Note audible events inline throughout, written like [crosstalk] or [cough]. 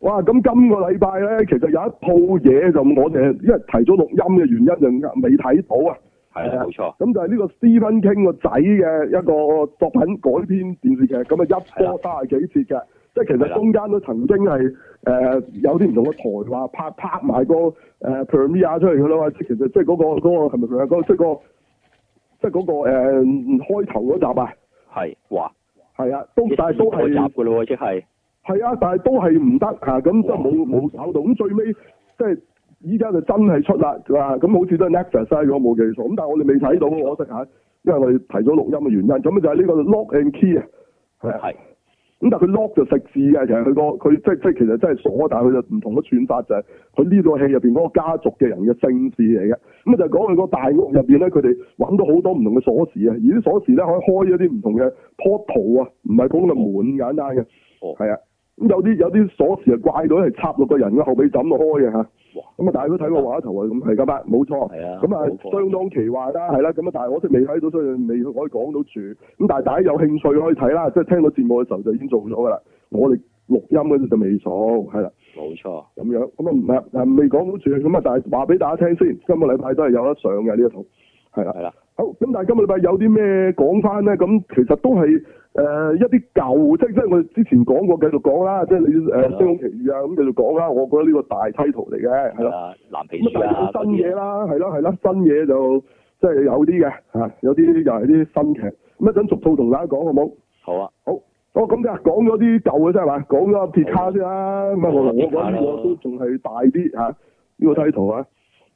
哇！咁今個禮拜咧，其實有一套嘢就我哋因為提咗錄音嘅原因就未睇到啊。係啊，冇錯。咁就係呢個 Stephen King 個仔嘅一個作品改編電視劇，咁啊一波三廿幾次嘅。即係其實中間都曾經係誒、呃、有啲唔同嘅台話拍拍埋、個誒、呃、premiere 出嚟㗎啦。即係其實即係嗰個嗰個係咪？係咪嗰即係個即係嗰個誒開頭嗰集啊？係話係啊，但都但係都係集咯即係。就是係啊，但係都係唔得嚇，咁即係冇冇搞到，咁最尾即係依家就真係出啦，咁好似都係 Nexus 啊，Nexus，如果冇記錯，咁但係我哋未睇到，可惜嚇，因為我哋提咗錄音嘅原因。咁啊就係呢、呢個 lock and key 啊，係，咁但係佢 lock 就食字嘅，其實佢個佢即係即係其實真係鎖，但係佢就唔同嘅串法就係佢呢套戲入邊嗰個家族嘅人嘅姓氏嚟嘅。咁、啊、就講佢個大屋入邊咧，佢哋揾到好多唔同嘅鎖匙啊，而啲鎖匙咧可以開一啲唔同嘅 portal、嗯、啊，唔係普通嘅門簡單嘅，係啊。咁有啲有啲鎖匙啊，怪到係插落個人嘅後尾枕落開嘅嚇。咁啊，大家都睇過畫圖啊，咁係㗎嘛，冇錯。咁啊，相當奇怪啦，係啦。咁啊，但係我哋未睇到，所以未可以講到住。咁但係大家有興趣可以睇啦，即係聽到節目嘅時候就已經做咗㗎啦。我哋錄音嗰啲就未做，係啦、啊。冇錯，咁樣咁啊，唔係未講到住。咁啊，但係話俾大家聽先，今個禮拜都係有得上嘅呢一套，係啦、啊。好，咁但係今個禮拜有啲咩講翻咧？咁其實都係誒、呃、一啲舊，即係即係我哋之前講過，繼續講啦。即係你誒、啊《星空奇遇》啊，咁繼續講啦。我覺得呢個大梯圖嚟嘅，係咯、啊啊，藍皮書、啊、新嘢啦，係咯係咯，新嘢就即係有啲嘅嚇，有啲又係啲新劇。咁一陣逐套同大家講，好冇？好啊，好，我咁啫，講咗啲舊嘅啫嘛，講咗、啊《Picard》先啦。咁啊，我覺得我得呢我都仲係大啲嚇呢個梯圖啊，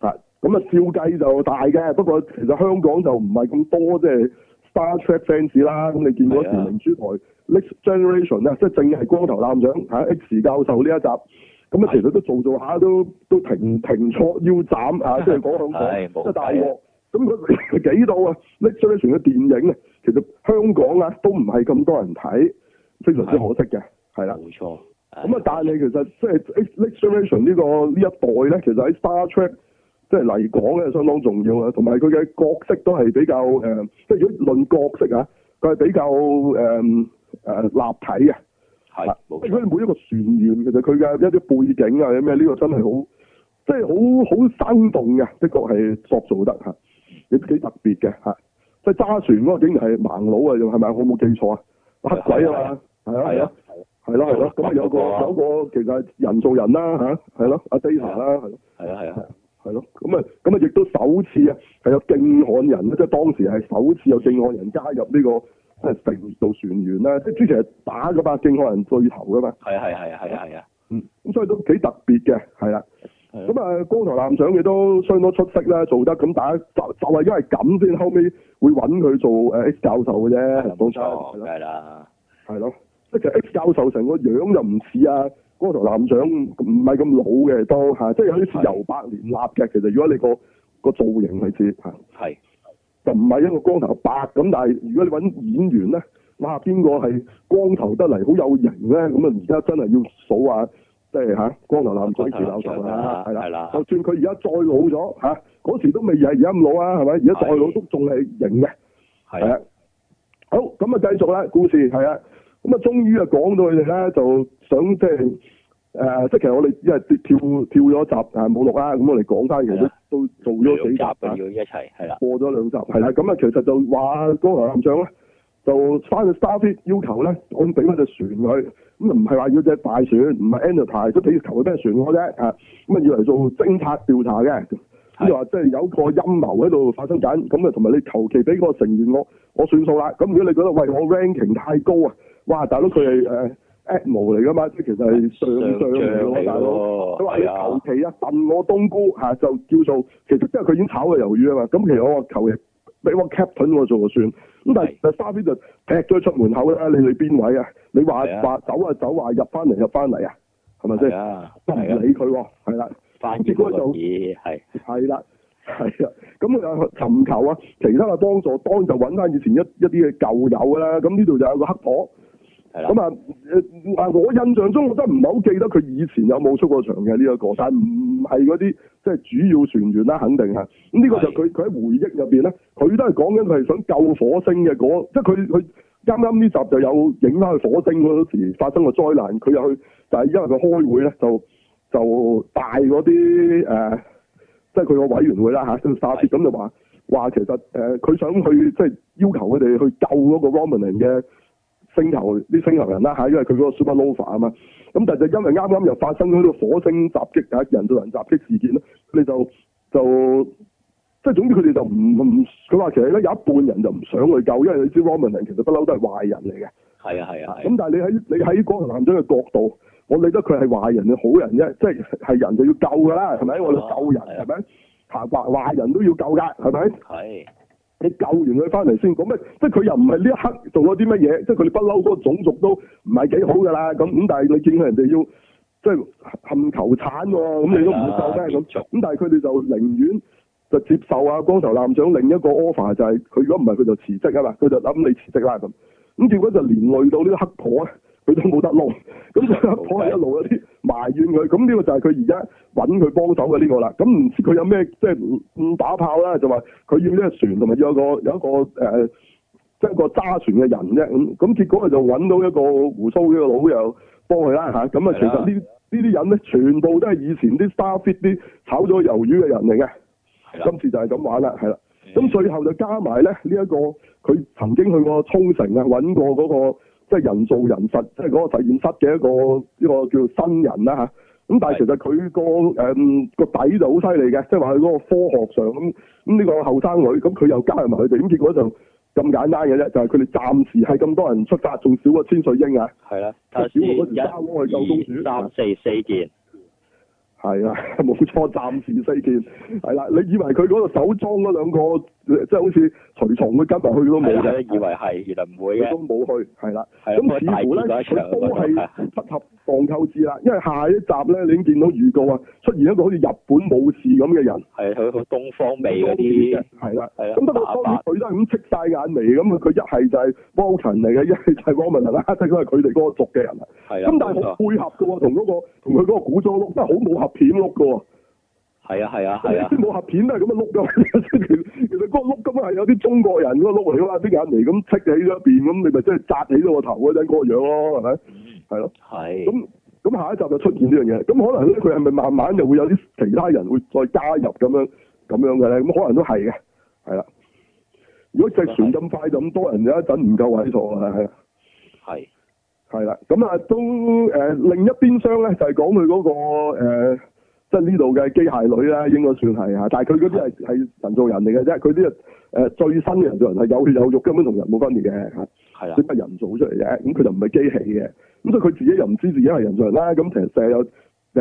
嚇。咁啊笑雞就大嘅，不過其實香港就唔係咁多，即係 Star Trek fans 啦。咁你見到前明珠台、啊、Next Generation 啊，啊，即係正係光頭艦長 X 教授呢一集。咁啊，其實都做做下，都都停停錯腰斬 [laughs] 啊，啊，啊，即係嗰香即大鑊。咁佢幾多啊 Next Generation 嘅電影啊，其實香港啊都唔係咁多人睇，非常之可惜嘅。係啦，冇錯。咁啊，但係你其實即係 Next Generation 呢、呢個呢一代咧，其實喺 Star Trek。即係嚟講咧，相當重要啊，同埋佢嘅角色都係比較誒，即係如果論角色啊，佢係比較誒誒、呃呃、立體嘅，係，即係佢每一個船員其實佢嘅一啲背景啊，有咩呢個真係好，即係好好生動嘅，的確係塑造得吓，都幾特別嘅吓，即係揸船嗰個竟然係盲佬啊，又係咪我冇記錯啊，黑鬼啊嘛？係啊係啊，係咯係咯，咁啊有個有個其實人造人啦吓，係咯阿 Data 啦，係咯，係啊係啊係啊。係咯，咁啊，咁啊，亦都首次啊，係有勁漢人，即係當時係首次有勁漢人加入呢，這個誒成隊船員啦，即係之前係打過班勁漢人對頭噶嘛。係啊係啊係啊係啊，嗯，咁所以都幾特別嘅，係啦，咁啊，光頭艦長亦都相當出色啦，做得咁大家就就係因為咁先，後尾會搵佢做誒 X 教授嘅啫。冇錯，係啦，係咯，即其實 X 教授成個樣又唔似啊。光頭男長唔係咁老嘅，都，吓即係有啲似由百年立嘅，其實如果你個個造型嚟接吓，係就唔係一個光頭白咁，但係如果你搵演員咧，哇邊個係光頭得嚟好有型咧？咁啊而家真係要數下，即係吓光頭男長最老熟啦，係、啊、啦、呃呃呃呃呃呃呃呃，就算佢而家再老咗吓，嗰、呃、時都未而而家咁老啊，係咪？而家再老都仲係型嘅，係啊、呃呃呃。好，咁啊繼續啦，故事係啊。呃咁啊，終於啊講到佢哋咧，就想即係誒，即係其實我哋因為跳跳咗一集，但冇錄啦，咁我哋講翻，其實都做咗幾集啊，要一齊係啦，過咗兩集係啦。咁啊、嗯，其實就話高樓艦長咧，就翻去 Starfleet 要求咧，我俾翻隻船去。咁啊，唔係話要隻大船，唔係 Enterprise 都俾要求隻船我啫啊。咁啊，要嚟做偵察調查嘅，咁就話即係有個陰謀喺度發生緊。咁啊，同埋你求其俾個成員我，我算數啦。咁如果你覺得喂我 ranking 太高啊？哇！大佬佢係誒 Admiral 嚟噶嘛，即係其實係上上嚟咯、啊，大佬。佢話：求其啊，燉、啊、我冬菇嚇，就叫做其實即係佢已經炒過魷魚啊嘛。咁其實我求其俾我 captain 我做就算。咁但係第三邊就劈咗出門口啦。你去邊位啊？你話話、啊、走啊走話入翻嚟入翻嚟啊？係咪先？唔、啊啊、理佢喎，係啦、啊啊。翻轉個嘢係係啦，係啊。咁啊，啊，啊，啊就尋求啊其他嘅幫助，當然就揾翻以前一一啲嘅舊友啦。咁呢度就有一個黑婆。咁啊誒啊！我印象中我真都唔係好記得佢以前有冇出過場嘅呢一個，但唔係嗰啲即係主要船員啦，肯定啊！咁、這、呢個就佢佢喺回憶入邊咧，佢都係講緊佢係想救火星嘅嗰、那個，即係佢佢啱啱呢集就有影翻去火星嗰時候發生個災難，佢又去，但、就、係、是、因為佢開會咧，就就帶嗰啲誒，即係佢個委員會啦嚇，撒切咁就話話其實誒佢、呃、想去即係要求佢哋去救嗰個 Romulan 嘅星球啲星球人啦嚇，因為佢嗰個 Supernova 啊嘛。咁但係就因為啱啱又發生咗呢個火星襲擊啊，人造人襲擊事件佢哋就就即係、就是、總之佢哋就唔唔，佢話其實咧有一半人就唔想去救，因為你知 Roman 其實不嬲都係壞人嚟嘅。係啊係啊。咁、啊啊啊、但係你喺你喺嗰個男仔嘅角度，我理得佢係壞人嘅好人啫，即係係人就要救㗎啦，係咪？我哋救人係咪？嚇壞壞人都要救㗎，係咪？係、啊。你救完佢翻嚟先講咩？即係佢又唔係呢一刻做咗啲乜嘢？即係佢哋不嬲嗰個種族都唔係幾好㗎啦。咁咁，但係你見佢人哋要即係冚求產喎，咁你都唔會救咩咁？咁但係佢哋就寧願就接受啊，光頭艦長另一個 offer 就係佢如果唔係佢就辭職啊嘛，佢就諗你辭職啦咁。咁結果就連累到呢個黑婆啊！佢都冇得攞，咁就一夥人一路有啲埋怨佢，咁呢個就係佢而家揾佢幫手嘅呢個啦。咁唔知佢有咩即係唔打炮啦？就話佢要呢隻船，同埋要個有一個誒，即係個揸、呃就是、船嘅人啫。咁咁結果佢就揾到一個胡鬚嘅老友幫佢啦吓咁啊，其實呢呢啲人咧，全部都係以前啲 Star Fit 啲炒咗魷魚嘅人嚟嘅。今次就係咁玩啦，係啦。咁、嗯、最後就加埋咧呢一個，佢曾經去過沖繩啊，揾過嗰、那個。即係人造人實，即係嗰個實驗室嘅一個呢、呢個叫做新人啦嚇。咁但係其實佢個誒個底子就好犀利嘅，即係話佢嗰個科學上咁咁呢個後生女，咁佢又加入埋佢哋，咁結果就咁簡單嘅啫，就係佢哋暫時係咁多人出發，仲少過千歲英係啊。係啦，就少個沙窩係救公主。三四四件。係啊，冇錯，暫時四件。係啦、啊，你以為佢嗰度手裝嗰兩個？即係好似隨從佢今日去都冇嘅，以為係原來唔會嘅，都冇去，係啦。咁似乎咧，佢都係不合放扣字啦。因為下一集咧， [laughs] 你已經見到預告啊，出現一個好似日本武士咁嘅人。係佢佢東方味嗰啲。係啦，咁不過當佢都係咁戚晒眼眉咁，佢一係就係 b o 嚟嘅，一係就係 b o 嚟啦，即係都係佢哋嗰個族嘅人。係啦。咁但係配合㗎喎，同、嗯、嗰、那個同佢嗰個古裝屋，o 都係好冇合片屋 o 喎。係啊係啊係啊，啊！武俠片都係咁樣碌噶，其實嗰個碌咁樣係有啲中國人嗰個碌起啦，啲眼眉咁戚起咗一邊，咁你咪真係扎起咗個頭嗰陣嗰個樣咯，係咪？係咯、啊，係。咁咁下一集就出現呢樣嘢，咁可能咧佢係咪慢慢就會有啲其他人會再加入咁樣咁樣嘅咧？咁可能都係嘅，係啦、啊。如果隻船咁快就咁多人有一陣唔夠位坐啊，係。係、啊。係啦，咁啊都誒，另一邊廂咧就係講佢嗰個誒。呃即係呢度嘅機械女啦，應該算係嚇。但係佢嗰啲係係人造人嚟嘅啫，佢啲誒最新嘅人造人係有血有肉，根本同人冇分別嘅嚇。係啊，點解人造出嚟嘅？咁佢就唔係機器嘅。咁所以佢自己又唔知自己係人造人啦。咁成日成日又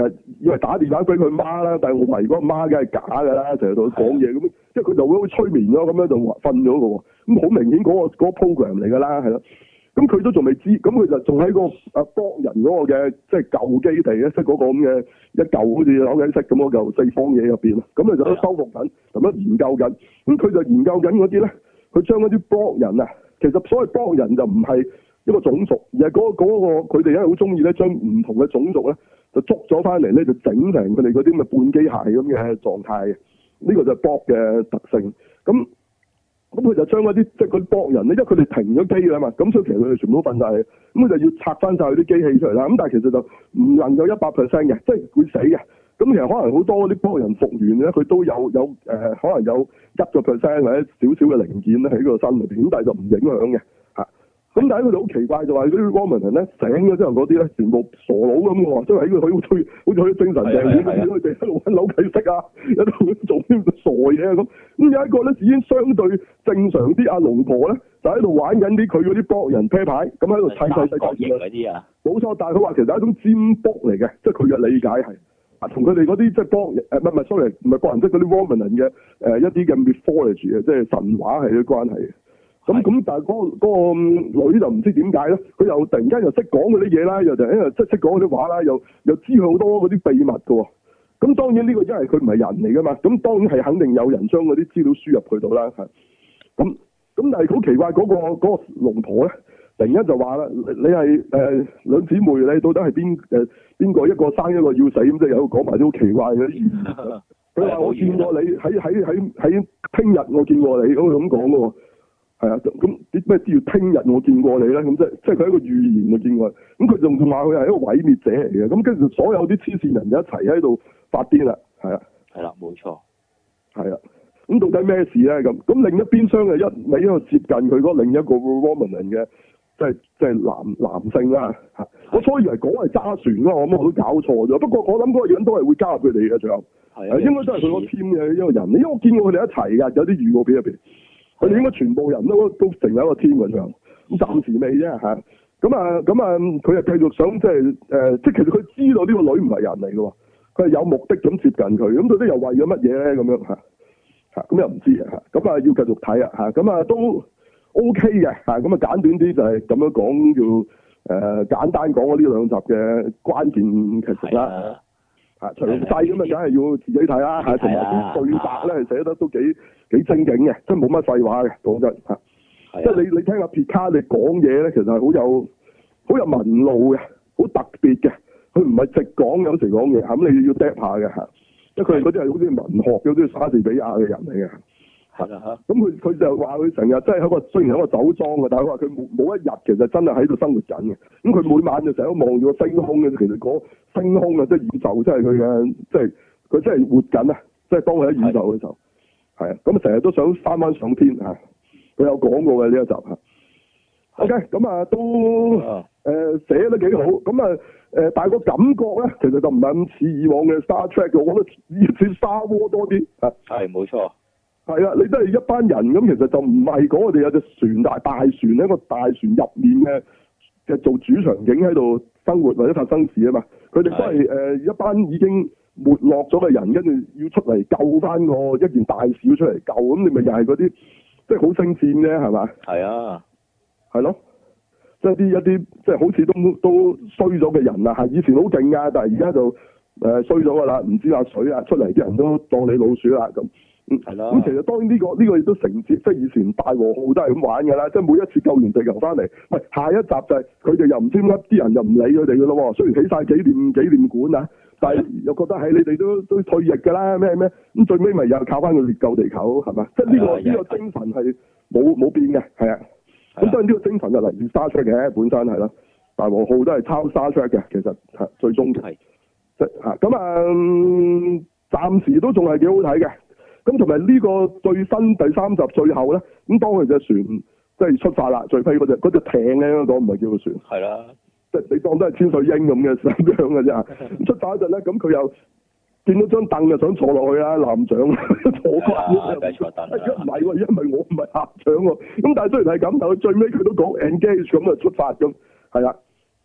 誒以為打電話俾佢媽啦，但係我妹妹話如果媽梗係假㗎啦，成日同佢講嘢咁，即係佢就會好催眠咗，咁樣就瞓咗嘅喎。咁好明顯嗰個 program 嚟㗎啦，係咯。咁佢都仲未知，咁佢就仲喺個博人嗰個嘅，即係舊基地即係嗰個咁嘅一舊，好似攪緊式咁嗰舊四方嘢入邊，咁佢就都修復緊，咁樣研究緊。咁佢就研究緊嗰啲咧，佢將嗰啲博人啊，其實所謂博人就唔係一個種族，而係嗰嗰個佢哋一好中意咧，將唔同嘅種族咧就捉咗翻嚟咧，就整成佢哋嗰啲咪半機械咁嘅狀態嘅。呢個就係博嘅特性。咁。咁佢就將嗰啲即係嗰啲博人咧，因為佢哋停咗機啦嘛，咁所以其實佢哋全部都瞓晒。咁佢就要拆翻晒佢啲機器出嚟啦。咁但係其實就唔能夠一百 percent 嘅，即係會死嘅。咁其實可能好多啲博人復原咧，佢都有有誒、呃，可能有一個 percent 或者少少嘅零件咧喺個身裏面，咁但係就唔影響嘅。咁但係佢哋好奇怪，就話嗰啲 woman 人咧，醒咗之後嗰啲咧，全部傻佬咁喎，即係喺佢好推，好似佢精神病咁，佢哋一路玩扭計骰啊，一路做啲傻嘢啊咁。咁有一個咧已經相對正常啲，阿龍婆咧就喺度玩緊啲佢嗰啲博人啤牌，咁喺度砌細細嘅啲啊，冇錯。但係佢話其實係一種占卜嚟嘅，即係佢嘅理解係，啊，同佢哋嗰啲即係博，唔係唔係，sorry 唔係博人式嗰啲 woman 人嘅、誒、一啲嘅 mythology 啊，即係神話係啲關係。咁咁，但係嗰個嗰個女就唔知點解咧，佢又突然間又識講嗰啲嘢啦，又就喺度識識講嗰啲話啦，又又知好多嗰啲秘密噶喎。咁當然呢個因為佢唔係人嚟噶嘛，咁當然係肯定有人將嗰啲資料輸入去到啦。係咁咁，但係好奇怪嗰個嗰個龍婆咧，突然間就話啦：你係誒、呃、兩姊妹，你到底係邊誒邊個？呃、一個生一個要死咁，即係又講埋啲好奇怪嘅。佢 [laughs] 話我見過你喺喺喺喺聽日， [laughs] 我見過你咁咁講噶喎。那個係啊，咁啲咩都要聽日我見過你咧，咁即即係佢一個預言嘅見過你。咁佢仲仲話佢係一個毀滅者嚟嘅，咁跟住所有啲黐線人就一齊喺度發癲啦，係啊，係啦，冇錯，係啦。咁到底咩事咧？咁咁另一邊廂嘅一，你喺度接近佢嗰另一個 Roman 人嘅，即係即係男男性啦。我初以為講係揸船啦，我諗我都搞錯咗。不過我諗嗰個人都係會加入佢哋嘅最後，係啊，應該都係佢個 team 嘅一個人，因為我見過佢哋一齊㗎，有啲預告片入邊。佢應該全部人都都成為一個 team 嘅咁，暫時未啫嚇。咁啊咁啊，佢又繼續想即係、呃、即係其實佢知道呢個女唔係人嚟嘅，佢係有目的咁接近佢。咁佢都又為咗乜嘢咧？咁樣嚇嚇咁又唔知啊嚇。咁啊要繼續睇啊嚇。咁啊都 OK 嘅嚇。咁啊簡短啲就係咁樣講，要誒、呃、簡單講我呢兩集嘅關鍵劇情啦。啊，詳細咁啊，梗係要自己睇啦。嚇、啊，同埋啲對白咧寫得都幾、啊、幾正經嘅，即係冇乜廢話嘅講真嚇。即係、啊、你你聽阿皮卡你講嘢咧，其實係好有好有文路嘅，好特別嘅。佢唔係直講有時講嘢，咁你要要 dip 下嘅嚇。即係佢哋嗰啲係好似文學，好似莎士比亞嘅人嚟嘅。係啊，吓，咁佢佢就話佢成日即係喺個，雖然喺個酒莊嘅，但係佢話佢冇冇一日其實真係喺度生活緊嘅。咁佢每晚就成日都望住個星空嘅，其實嗰星空啊，即係宇宙，即係佢嘅，即係佢真係活緊啊！即係當佢喺宇宙嘅時候，係啊，咁成日都想翻翻上天啊！佢有講過嘅呢一集啊。OK，咁啊，都誒寫得幾好。咁啊，誒，但係個感覺咧，其實就唔係咁似以往嘅 Star Trek，我覺得似沙窩多啲啊。係冇錯。係啊，你都係一班人咁，其實就唔係嗰，我哋有隻船大，大船一個大船入面嘅嘅做主場景喺度生活或者發生事啊嘛，佢哋都係誒一班已經沒落咗嘅人，跟住要出嚟救翻個一件大事出嚟救，咁你咪又係嗰啲即係好升遷咧，係嘛？係啊，係咯，即係啲一啲即係好似都都衰咗嘅人啊，吓以前好勁啊，但係而家就誒衰咗噶啦，唔知阿水啊出嚟啲人都當你老鼠啦咁。係啦，咁、嗯、其實當然、這、呢個呢、這個亦都承接，即係以前大和號都係咁玩嘅啦。即係每一次救完地球翻嚟，唔係下一集就係佢哋又唔知乜，啲人又唔理佢哋嘅咯。雖然起晒紀念紀念館啊，但係又覺得係你哋都都退役㗎啦，咩咩咁最尾咪又靠翻去獵救地球係咪？即係、這、呢個呢、這個精神係冇冇變嘅，係啊。咁當然呢個精神就嚟自沙丘嘅本身係啦，大和號都係抄沙丘嘅，其實係最終嘅。係。即係嚇咁啊！暫時都仲係幾好睇嘅。咁同埋呢個最新第三集最後咧，咁當佢隻船即係出發啦，最尾嗰隻嗰隻艇咧，講唔係叫個船，係啦，即係你當都係千歲鷹咁嘅咁樣嘅啫。咁 [laughs] 出發呢一陣咧，咁佢又見到張凳就想坐落去啦，艦長 [laughs] 坐㗎，唔係、啊啊、 [laughs] 因為我唔係艦長喎、啊。咁但係雖然係咁，但係最尾佢都講 engage 咁啊出發咁係啦。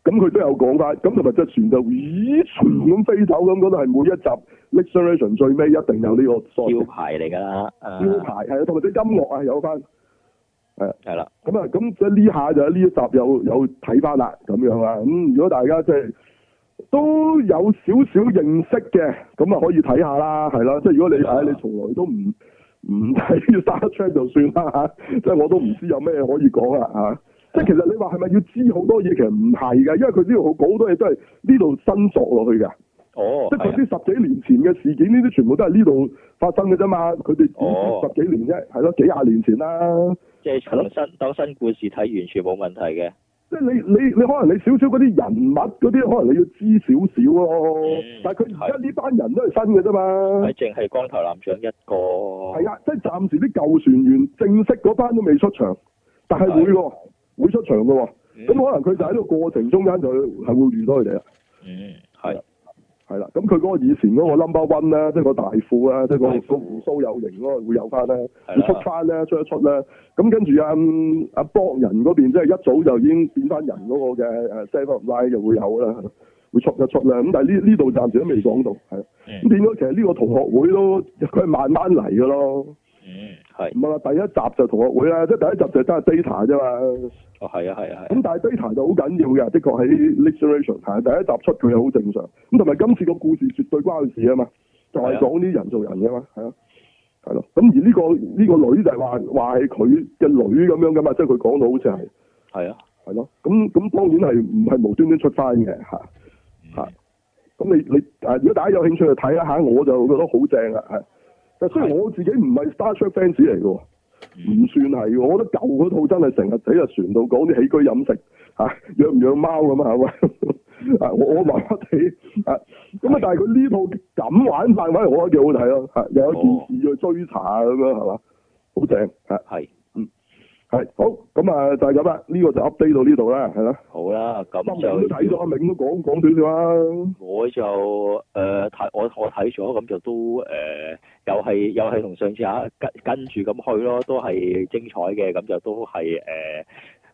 咁佢都有講翻，咁同埋即係全就咦全咁飛走咁，嗰度係每一集《Explanation》最尾一定有呢個招牌嚟㗎，招牌係啊，同埋啲音樂係有翻，係係啦。咁啊，咁即係呢下就喺呢一集有有睇翻啦，咁樣啊。咁如果大家即係、就是、都有少少認識嘅，咁啊可以睇下啦，係啦。即係如果你睇，你從來都唔唔睇 Star Trek 就算啦嚇，即係我都唔知有咩可以講啦嚇，啊即係其實你話係咪要知好多嘢？其實唔係噶，因為佢呢度講好多嘢都係呢度新作落去噶。哦，即係嗰啲十幾年前嘅事件，呢、哦、啲全部都係呢度發生嘅啫嘛。佢哋哦十幾年啫，係咯，幾廿年前啦。即係重新當、嗯、新故事睇，完全冇問題嘅。即係你你你,你可能你少少嗰啲人物嗰啲，可能你要知少少咯。嗯、但係佢而家呢班人都係新嘅啫嘛。係淨係光頭艦長一個。係啊，即係暫時啲舊船員正式嗰班都未出場，但係會。是的會出場嘅喎，咁可能佢就喺個過程中間就係會遇到佢哋啦。嗯、yeah.，係，係啦。咁佢嗰個以前嗰個 Number One 咧，即係、那個大副啦，即係、就是那個個鬍鬚有型嗰個會有翻咧，會出翻咧，出一出咧。咁跟住阿阿博人嗰邊，即、就、係、是、一早就已經變翻人嗰、那個嘅誒，Seven of Nine 就會有啦，會出一出咧。咁但係呢呢度暫時都未講到，係。咁、yeah. 變咗，其實呢個同學會都佢慢慢嚟嘅咯。嗯，係唔係第一集就同學會啦，即係第一集就真係 data 啫嘛。哦，係啊，係啊，係、啊。咁但係 data 就好緊要嘅，的確喺 literature，第一集出佢係好正常。咁同埋今次個故事，絕對關佢事啊嘛，就係講啲人造人嘅嘛，係咯、啊，係咯、啊。咁、啊、而呢、這個呢、這個女就係話話係佢嘅女咁樣噶嘛，即係佢講到好似係，係啊，係咯。咁咁、啊啊、當然係唔係無端端出翻嘅吓吓。咁、嗯、你你如果大家有興趣去睇一下，我就覺得好正啊，係。但雖然我自己唔係 Star Trek fans 嚟嘅，唔算係。我覺得舊嗰套真係成日喺個船度講啲起居飲食，嚇、啊、養唔養貓咁啊？係咪啊？我我麻麻地啊，咁啊！但係佢呢套噉玩法，反而我覺得幾好睇咯。嚇，又有一件事要追查咁樣，係、哦、嘛？好正啊！係。係好咁啊，就係咁啦，呢、這個就 update 到呢度啦，係啦。好啦，咁就。睇咗，阿銘都講講短啲啦。我就誒睇、呃，我我睇咗，咁就都誒、呃，又係又係同上次啊，跟跟住咁去咯，都係精彩嘅，咁就都係誒、呃，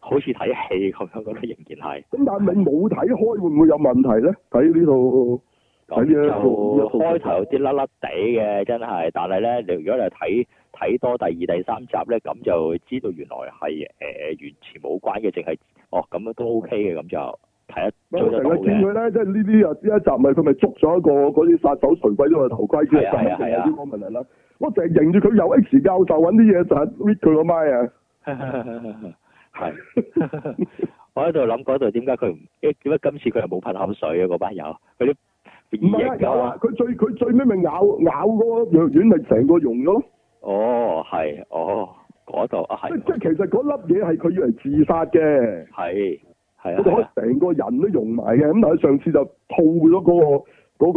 好似睇戲咁樣，覺得仍然係。咁但係你冇睇開會唔會有問題咧？睇呢度，咁咧開頭有啲甩甩地嘅，真係。但係咧，你如果你係睇。睇多第二、第三集咧，咁就知道原來係誒完全冇關嘅，淨係哦咁樣都 OK 嘅，咁就睇一追得好。我成日見佢咧，即係呢啲啊，呢一集咪佢咪捉咗一個嗰啲殺手錦鬼咗個頭盔，即係戴住呢光棍嚟啦。我成日迎住佢，有 X 教授揾啲嘢就 hit 佢攞埋啊！係，就是， [laughs] 我喺度諗嗰度點解佢唔點解今次佢又冇噴口水啊？嗰班友，佢唔係啊！佢最佢最屘咪咬咬嗰藥丸咪成個溶咗咯～哦，係，哦，嗰度啊，係。即即其實嗰粒嘢係佢以為自殺嘅，係係啊，佢就可以成個人都溶埋嘅，咁、啊啊、但係上次就套咗嗰、嗰個嗰、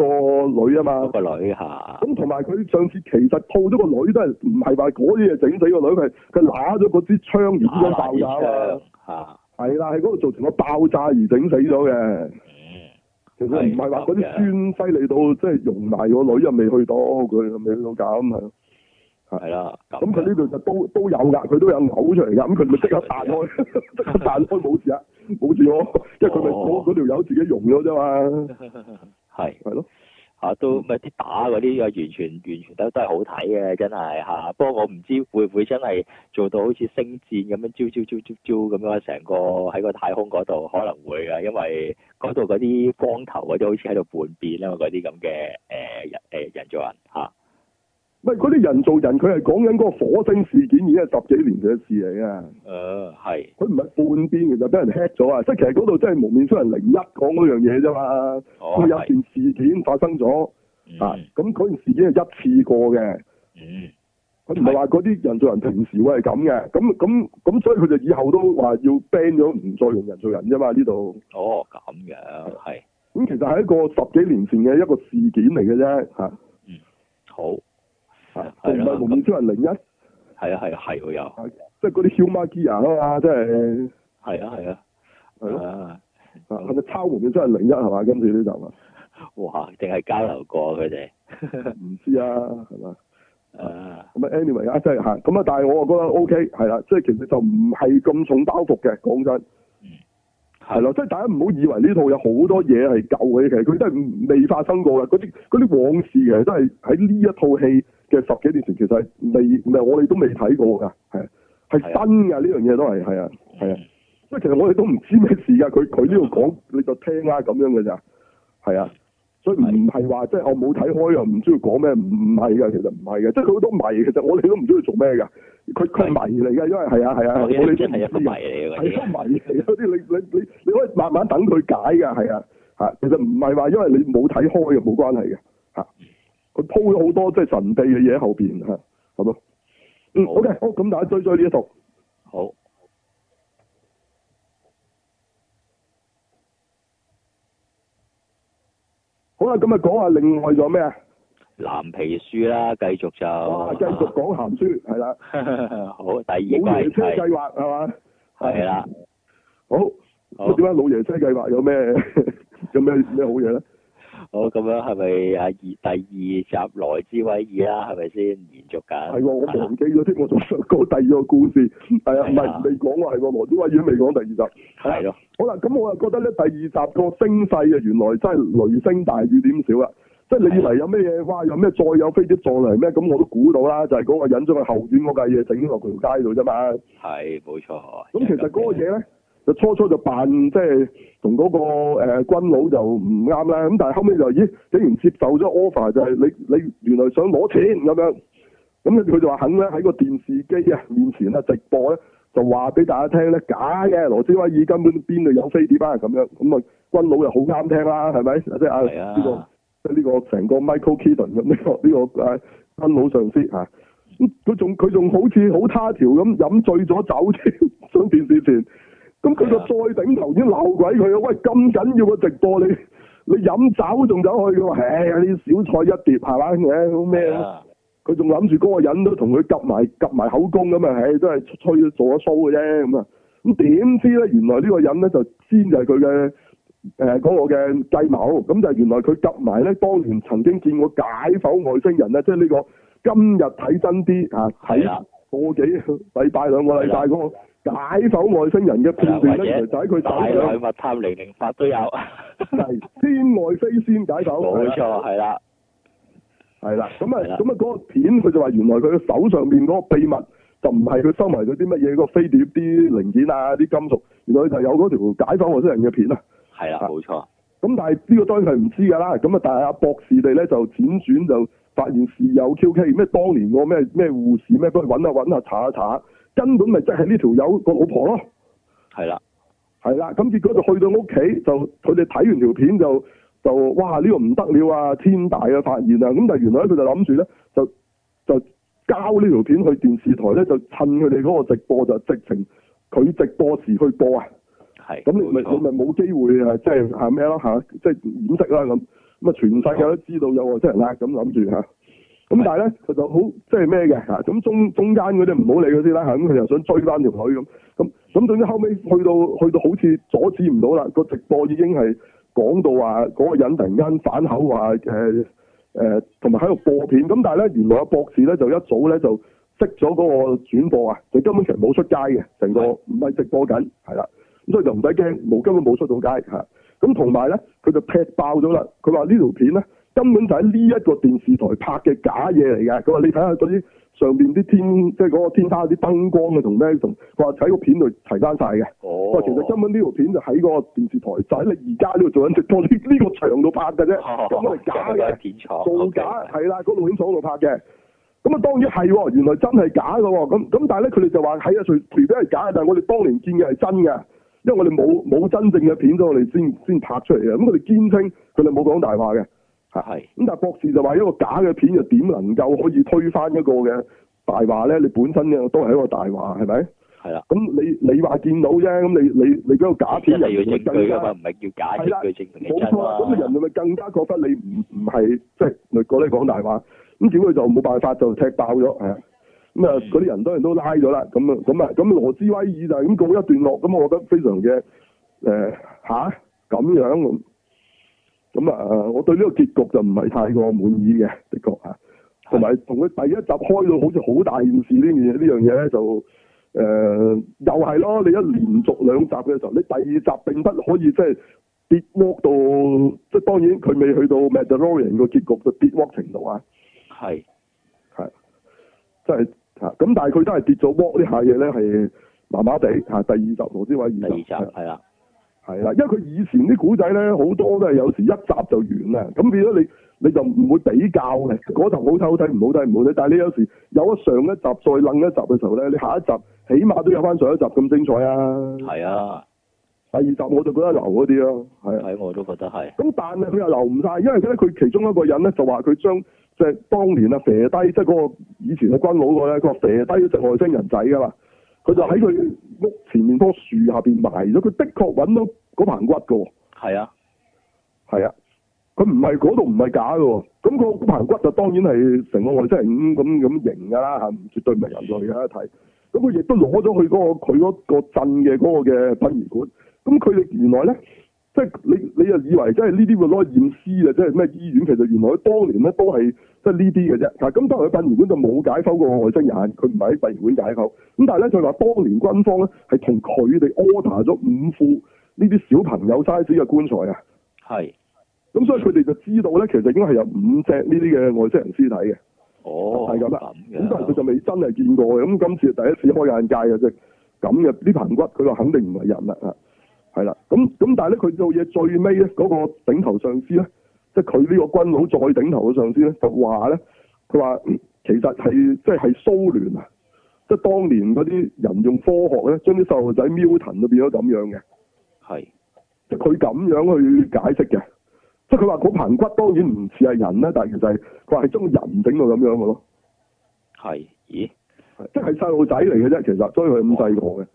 嗰個女啊嘛，嗰個女吓。咁同埋佢上次其實套咗個女都係唔係話嗰啲嘢整死個女，佢佢揦咗嗰支槍而發生爆炸啊，吓，係、啊、啦，喺嗰度造成個爆炸而整死咗嘅、嗯，其實唔係話嗰啲酸犀利到、啊、即係溶埋個女又未去到，佢、哦、未去到搞係啦，咁佢呢度就都、是、都有噶，佢都有咬出嚟噶，咁佢咪即刻彈開，即刻彈開冇 [laughs] 事啊，冇事咯，因為佢咪嗰嗰條友自己用咗啫嘛，係係咯，吓、啊、都咪啲打嗰啲啊，完全完全都係係好睇嘅，真係吓、啊。不過我唔知會唔會真係做到好似星戰咁樣，焦焦焦焦焦咁樣，成個喺個太空嗰度可能會啊，因為嗰度嗰啲光頭嗰啲好似喺度叛變啊，嗰啲咁嘅誒誒人造人吓。啊唔係嗰啲人造人，佢係講緊嗰個火星事件，已經係十幾年嘅事嚟嘅。誒、呃，係佢唔係半邊嘅，就俾人 hit 咗啊！即係其實嗰度真係幪面超人零一講嗰樣嘢啫嘛。佢有件事件發生咗、嗯、啊，咁嗰件事件係一次過嘅。佢唔係話嗰啲人造人平時會係咁嘅，咁咁咁，所以佢就以後都話要 ban 咗，唔再用人造人啫嘛呢度。哦，咁嘅係。咁其實係一個十幾年前嘅一個事件嚟嘅啫嚇。嗯，好。唔係、啊、幪面超人零一，係啊係啊係啊，有，即係嗰啲小馬基亞啊嘛，即係係啊係啊，係咯啊，啊，啊佢哋抄幪面超人零一係嘛，跟住呢集嘩是是啊，哇，定係交流過佢哋？唔知啊，係嘛？啊咁啊，anyway，真係嚇咁啊，但係我又覺得 OK 係啦、啊，即係其實就唔係咁重包袱嘅，講真的。係咯，即係 [noise] 大家唔好以為呢套有好多嘢係舊嘅，其實佢都係未發生過嘅。嗰啲啲往事嘅，都係喺呢一套戲嘅十幾年前，其實未唔係我哋都未睇過噶，係係新嘅呢樣嘢都係，係啊的，係啊的，即係的其實我哋都唔知咩事噶，佢佢呢度講你就聽啊咁樣噶咋，係啊。所以唔係話即係我冇睇開又唔鍾意講咩，唔唔係嘅，其實唔係嘅，即係佢好多謎，其實我哋都唔鍾意做咩嘅。佢佢係謎嚟嘅，因為係啊係啊，啊 [music] 我哋都係一啲謎嚟嘅。係一啲謎嚟。啲你你你你可以慢慢等佢解㗎，係啊嚇。其實唔係話因為你冇睇開又冇關係嘅嚇。佢鋪咗好多即係、就是、神秘嘅嘢喺後邊嚇，係咯、啊。嗯，OK，好咁，那大家追追呢一套。好。好啊，咁啊，講下另外仲有咩啊？藍皮書啦，繼續就。啊，繼續講鹹書，係、啊、啦。 [laughs] 好，第二個係。 [laughs] 老爺車計劃係嘛？係啦、啊。好。咁點解老爺車計劃有咩 [laughs] 有咩咩好嘢咧？好，咁樣係咪啊二第二集羅茲威爾啊？係咪先延續緊？係喎，我忘記咗添，我仲想講第二個故事，係啊，唔係未講喎，係羅茲威爾未講第二集。係啊，好啦，咁我又覺得咧，第二集個聲勢啊，原來真係雷聲大雨點少啦，即係你以為有咩嘢，哇，有咩再有飛碟撞嚟咩，咁我都估到啦，就係、是、嗰個引咗去後院嗰架嘢整落佢條街度啫嘛。係冇錯。咁、嗯就是、其實嗰個嘢咧？就初初就扮即係同嗰個誒軍、呃、佬就唔啱啦，咁但係後尾就咦竟然接受咗 offer 就係你你原來想攞錢咁樣，咁佢就話肯啦，喺個電視機啊面前啊直播咧就話俾大家聽咧假嘅羅斯威爾根本邊度有飛碟班咁樣，咁啊軍佬又好啱聽啦，係、啊、咪？即係啊呢個即係呢個成個 Michael Keaton 咁、這、呢個呢、這個啊軍佬上司啊，佢仲佢仲好似好他條咁飲醉咗酒添 [laughs] 上電視前。咁佢就再頂頭先鬧鬼佢啊！喂，咁緊要嘅直播你你飲酒仲走去嘅嘛？唉、哎，啲小菜一碟係嘛嘅咩？佢仲諗住嗰個人都同佢夾埋夾埋口供咁啊？唉、哎，都係吹咗數嘅啫咁啊！咁點知咧？原來呢個人咧就先就係佢嘅誒嗰個嘅計謀。咁、呃那個、就係原來佢夾埋咧，當年曾經見過解剖外星人咧，即係呢個今日睇真啲啊！睇過幾禮 [laughs] 拜兩個禮拜嗰、那個解剖外星人嘅片段咧，解佢手上嘅秘探零零八都有，係 [laughs] 天外飛仙解剖，冇錯，係啦，係啦。咁啊，咁啊，嗰、那個片佢就話原來佢嘅手上面嗰個秘密就唔係佢收埋嗰啲乜嘢個飛碟啲、那個、零件啊，啲金屬。原來佢就有嗰條解剖外星人嘅片是的啊。係啦，冇錯。咁但係呢個當然係唔知噶啦。咁啊，但係阿博士地咧就輾轉就發現是有 Q K 咩當年個咩咩護士咩都去揾下揾下查一、啊、查。根本咪即係呢條友個老婆咯，係啦，係啦，咁結果就去到屋企，就佢哋睇完條片就就哇呢個唔得了啊！天大嘅發現啊！咁但係原來佢就諗住咧，就就交呢條片去電視台咧，就趁佢哋嗰個直播就直情佢直播時去播啊！係，咁你咪你咪冇機會啊！即係咩咯即係掩飾啦咁，咁啊全世界都知道有個即係咁諗住咁但係咧，佢就好即係咩嘅吓？咁中中間嗰啲唔好理嗰啲啦。咁佢又想追翻條女。咁。咁咁，總之後尾去到去到好似阻止唔到啦。個直播已經係講到話嗰個人突然間反口話誒誒同埋喺度播片。咁但係咧，原來阿博士咧就一早咧就熄咗嗰個轉播啊！佢根本其實冇出街嘅，成個唔係直播緊係啦。咁所以就唔使驚，冇根本冇出到街吓。咁同埋咧，佢就劈爆咗啦！佢話呢條片咧。根本就喺呢一個電視台拍嘅假嘢嚟嘅。佢話你睇下嗰啲上邊啲天，即係嗰個天花啲燈光啊，同咩同？佢話睇個片度齊翻晒嘅。哦。其實根本呢條片就喺嗰個電視台，就喺、是、你而家呢度做緊直播呢呢個場度拍嘅啫。根本係假嘅，做假係啦，嗰、okay、度、那個、錄影廠度拍嘅。咁啊，當然係，原來真係假嘅。咁咁，但係咧，佢哋就話喺啊，除非係假嘅，但係我哋當年見嘅係真嘅，因為我哋冇冇真正嘅片咗，我哋先先拍出嚟嘅。咁佢哋堅稱佢哋冇講大話嘅。係，咁但係博士就話一個假嘅片，又點能夠可以推翻一個嘅大話咧？你本身嘅都係一個大話，係咪？係啦，咁你你話見到啫，咁你你你嗰個假片人要證佢噶嘛，唔係叫假片去證佢真啊？冇錯，咁、啊、人咪更加覺得、就是、你唔唔係即係，我講你講大話，咁結果就冇辦法就踢爆咗，係啊，咁啊嗰啲人當然都拉咗啦，咁啊咁啊咁羅斯威爾就係咁告一段落，咁我覺得非常嘅誒吓咁樣。咁、嗯、啊，我對呢個結局就唔係太過滿意嘅，的確啊。同埋同佢第一集開到好似好大件事呢樣嘢，呢樣嘢咧，就、呃、誒又係咯。你一連續兩集嘅時候，你第二集並不可以即係跌 watt 到，即係當然佢未去到《Mandalorian》個結局就跌 watt 程度啊。係係，真係嚇。咁、就是嗯、但係佢都係跌咗 watt 呢下嘢咧，係麻麻地嚇。第二集羅之偉，第二集係啦。係啦，因為佢以前啲古仔咧，好多都係有時一集就完啦。咁變咗你，你就唔會比較嘅。嗰集好睇好睇，唔好睇唔好睇。但係你有時有咗上一集再楞一集嘅時候咧，你下一集起碼都有翻上一集咁精彩啊！係啊，第二集我就覺得留嗰啲咯。係，我都覺得係。咁但係佢又留唔晒，因為佢其中一個人咧就話佢將即係當年啊射低，即係嗰個以前嘅軍佬嗰個咧，射低咗隻外星人仔噶嘛。佢就喺佢屋前面棵樹下邊埋咗，佢的確搵到嗰棚骨噶。係啊，係啊，佢唔係嗰度唔係假噶，咁個棚骨就當然係成個外星人咁咁咁型噶啦，吓，絕對唔係人類嘅一睇。咁佢亦都攞咗去嗰個佢嗰個鎮嘅嗰個嘅殯儀館。咁佢哋原來咧，即係你你又以為即係呢啲會攞去驗屍嘅，即係咩醫院？其實原來當年咧都係。即係呢啲嘅啫，嗱咁當佢殯儀館就冇解剖過外星人，佢唔係喺殯儀館解剖。咁但係咧，佢話當年軍方咧係同佢哋 order 咗五副呢啲小朋友 size 嘅棺材啊。係。咁所以佢哋就知道咧，其實應該係有五隻呢啲嘅外星人屍體嘅。哦。係咁啦。咁但係佢就未真係見過咁今次第一次開眼界嘅啫。咁嘅啲盤骨，佢話肯定唔係人啦。係啦。咁咁，但係咧，佢做嘢最尾咧嗰個頂頭上司咧。即係佢呢個軍佬再頂頭嘅上司咧，就話咧，佢話其實係即係蘇聯啊，即係當年嗰啲人用科學咧，將啲細路仔 Milton 都變咗咁樣嘅。係，即係佢咁樣去解釋嘅。即係佢話嗰棚骨當然唔似係人咧，但係其實係佢係將人整到咁樣嘅咯。係，咦？即係細路仔嚟嘅啫，其實，所以佢咁細個嘅。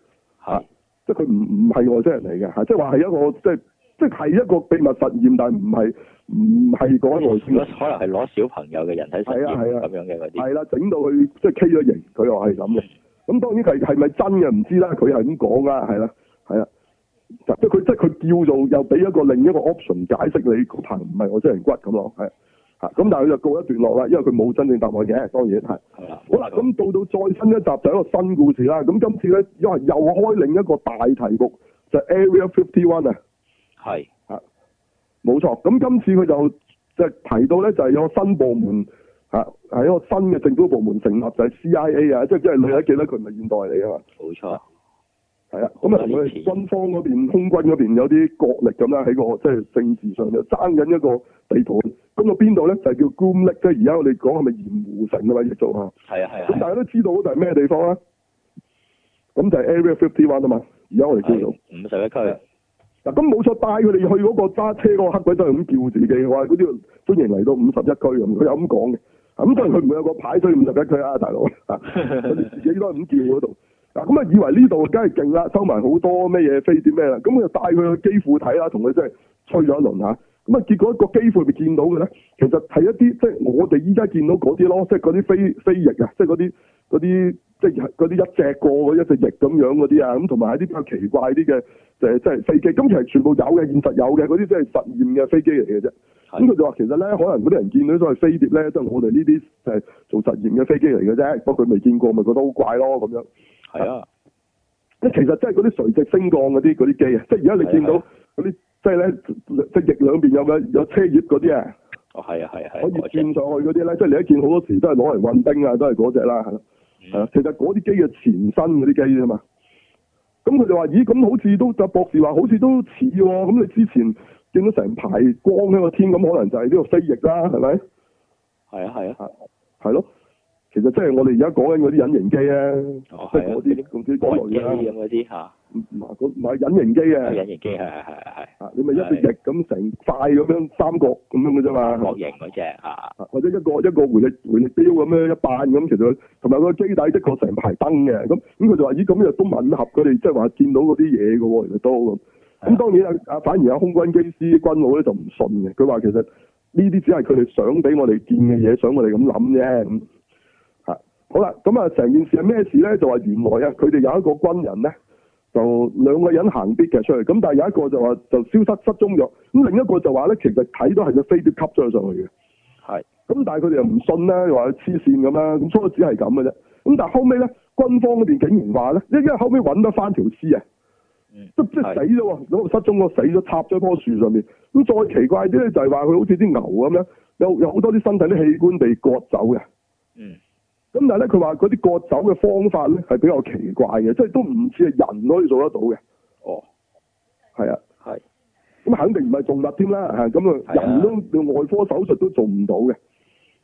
吓，即係佢唔唔係外星人嚟嘅吓，即係話係一個即係即係係一個秘密實驗，但係唔係。唔係講外星，可能係攞小朋友嘅人啊，材啊，咁樣嘅嗰啲，係啦、啊，整到佢即係 K 咗型，佢又係咁嘅。咁 [laughs] 當然係係咪真嘅唔知啦，佢係咁講啊，係啦、啊，係、就、啦、是。即係佢即係佢叫做又俾一個另一個 option 解釋你個棚唔係我真人骨咁咯，咁、啊啊 [laughs] 啊、但係佢就告一段落啦，因為佢冇真正答案嘅，當然係。啦、啊啊。好啦，咁、嗯、到到再新一集就係一個新故事啦。咁今次咧，因為又開另一個大題目就是、Area Fifty One 啊。係。冇錯，咁今次佢就即係提到咧，就係有一個新部門吓，係一個新嘅政府部門成立，就係、是、CIA 啊，即係即係你都記得佢係咪現代嚟？啊冇錯，係啊，咁啊，同佢軍方嗰邊空軍嗰邊有啲角力咁啦，喺個即係政治上就爭緊一個地盤。咁個邊度咧就係叫 Groom Lake，即係而家我哋講係咪鹽湖城啊嘛，叫做啊。係啊係啊。咁大家都知道嗰度係咩地方啊？咁就係 Area Fifty One 啊嘛，而家我哋叫做五十一區。嗱咁冇錯，帶佢哋去嗰個揸車嗰個黑鬼都係咁叫自己，話嗰啲雖然嚟到五十一區咁，佢有咁講嘅。咁但係佢唔會有個牌追五十一區啊大佬。佢 [laughs] 哋自己都係咁叫嗰度。嗱咁啊，以為呢度梗係勁啦，收埋好多咩嘢飛啲咩啦。咁、嗯、就帶佢去機庫睇啦，同佢即係吹咗一輪嚇。咁、嗯、啊，結果一個機庫入面見到嘅咧，其實係一啲即係我哋依家見到嗰啲咯，即係嗰啲飛飛翼啊，即係啲嗰啲。即係嗰啲一隻過嗰一隻翼咁樣嗰啲啊，咁同埋一啲比較奇怪啲嘅誒，即係飛機咁其實全部有嘅，現實有嘅嗰啲即係實驗嘅飛機嚟嘅啫。咁佢就話其實咧，可能嗰啲人見到都係飛碟咧，都係我哋呢啲誒做實驗嘅飛機嚟嘅啫。不過佢未見過，咪覺得好怪咯咁樣。係啊，啊，咁其實即係嗰啲垂直升降嗰啲啲機啊，即係而家你見到嗰啲即係咧，即、啊啊、翼兩邊有個有車葉嗰啲啊。哦，係啊，係啊，可以轉上去嗰啲咧，即係、啊啊啊啊、你一見好多時都係攞嚟運兵啊，都係嗰隻啦，係咯。係、嗯、啊，其實嗰啲機嘅前身嗰啲機啊嘛，咁佢就話：咦，咁好似都，個博士話好似都似喎。咁你之前見到成排光喺個天，咁可能就係呢個飛翼啦，係咪？係啊，係啊，係、啊，係咯、啊。其實即係我哋而家講緊嗰啲隱形機、哦、係啊，即係嗰啲外機咁嗰啲嚇。啊唔係個唔係隱形機啊，隱形機係係係啊。你咪一個翼咁成塊咁樣三角咁樣嘅啫嘛，三角形嘅啫啊，或者一個、啊、一個回力回力鏢咁樣一瓣咁，其實同埋個機底的確成排燈嘅咁咁。佢就話咦，咁又都吻合佢哋即係話見到嗰啲嘢嘅喎，其實都咁。咁當然是啊，反而有空軍機師軍佬咧就唔信嘅，佢話其實呢啲只係佢哋想俾我哋見嘅嘢，想我哋咁諗啫。吓，好啦，咁啊，成件事係咩事咧？就話原來啊，佢哋有一個軍人咧。就兩個人行啲嘅出嚟，咁但係有一個就話就消失失蹤咗，咁另一個就話咧，其實睇到係個飛碟吸咗上去嘅。係，咁但係佢哋又唔信啦，又話黐線咁啦，咁所以只係咁嘅啫。咁但係後尾咧，軍方嗰邊竟然話咧，因因為後尾揾得翻條屍啊，即、嗯、即死咗，咁失蹤個死咗，插咗樖棵樹上面。咁再奇怪啲咧，就係話佢好似啲牛咁樣，有有好多啲身體啲器官被割走嘅。嗯咁但係咧，佢話嗰啲割手嘅方法咧係比較奇怪嘅，即係都唔似係人可以做得到嘅。哦，係啊，係啊。咁肯定唔係動物添啦，吓咁啊，人都外科手術都做唔到嘅。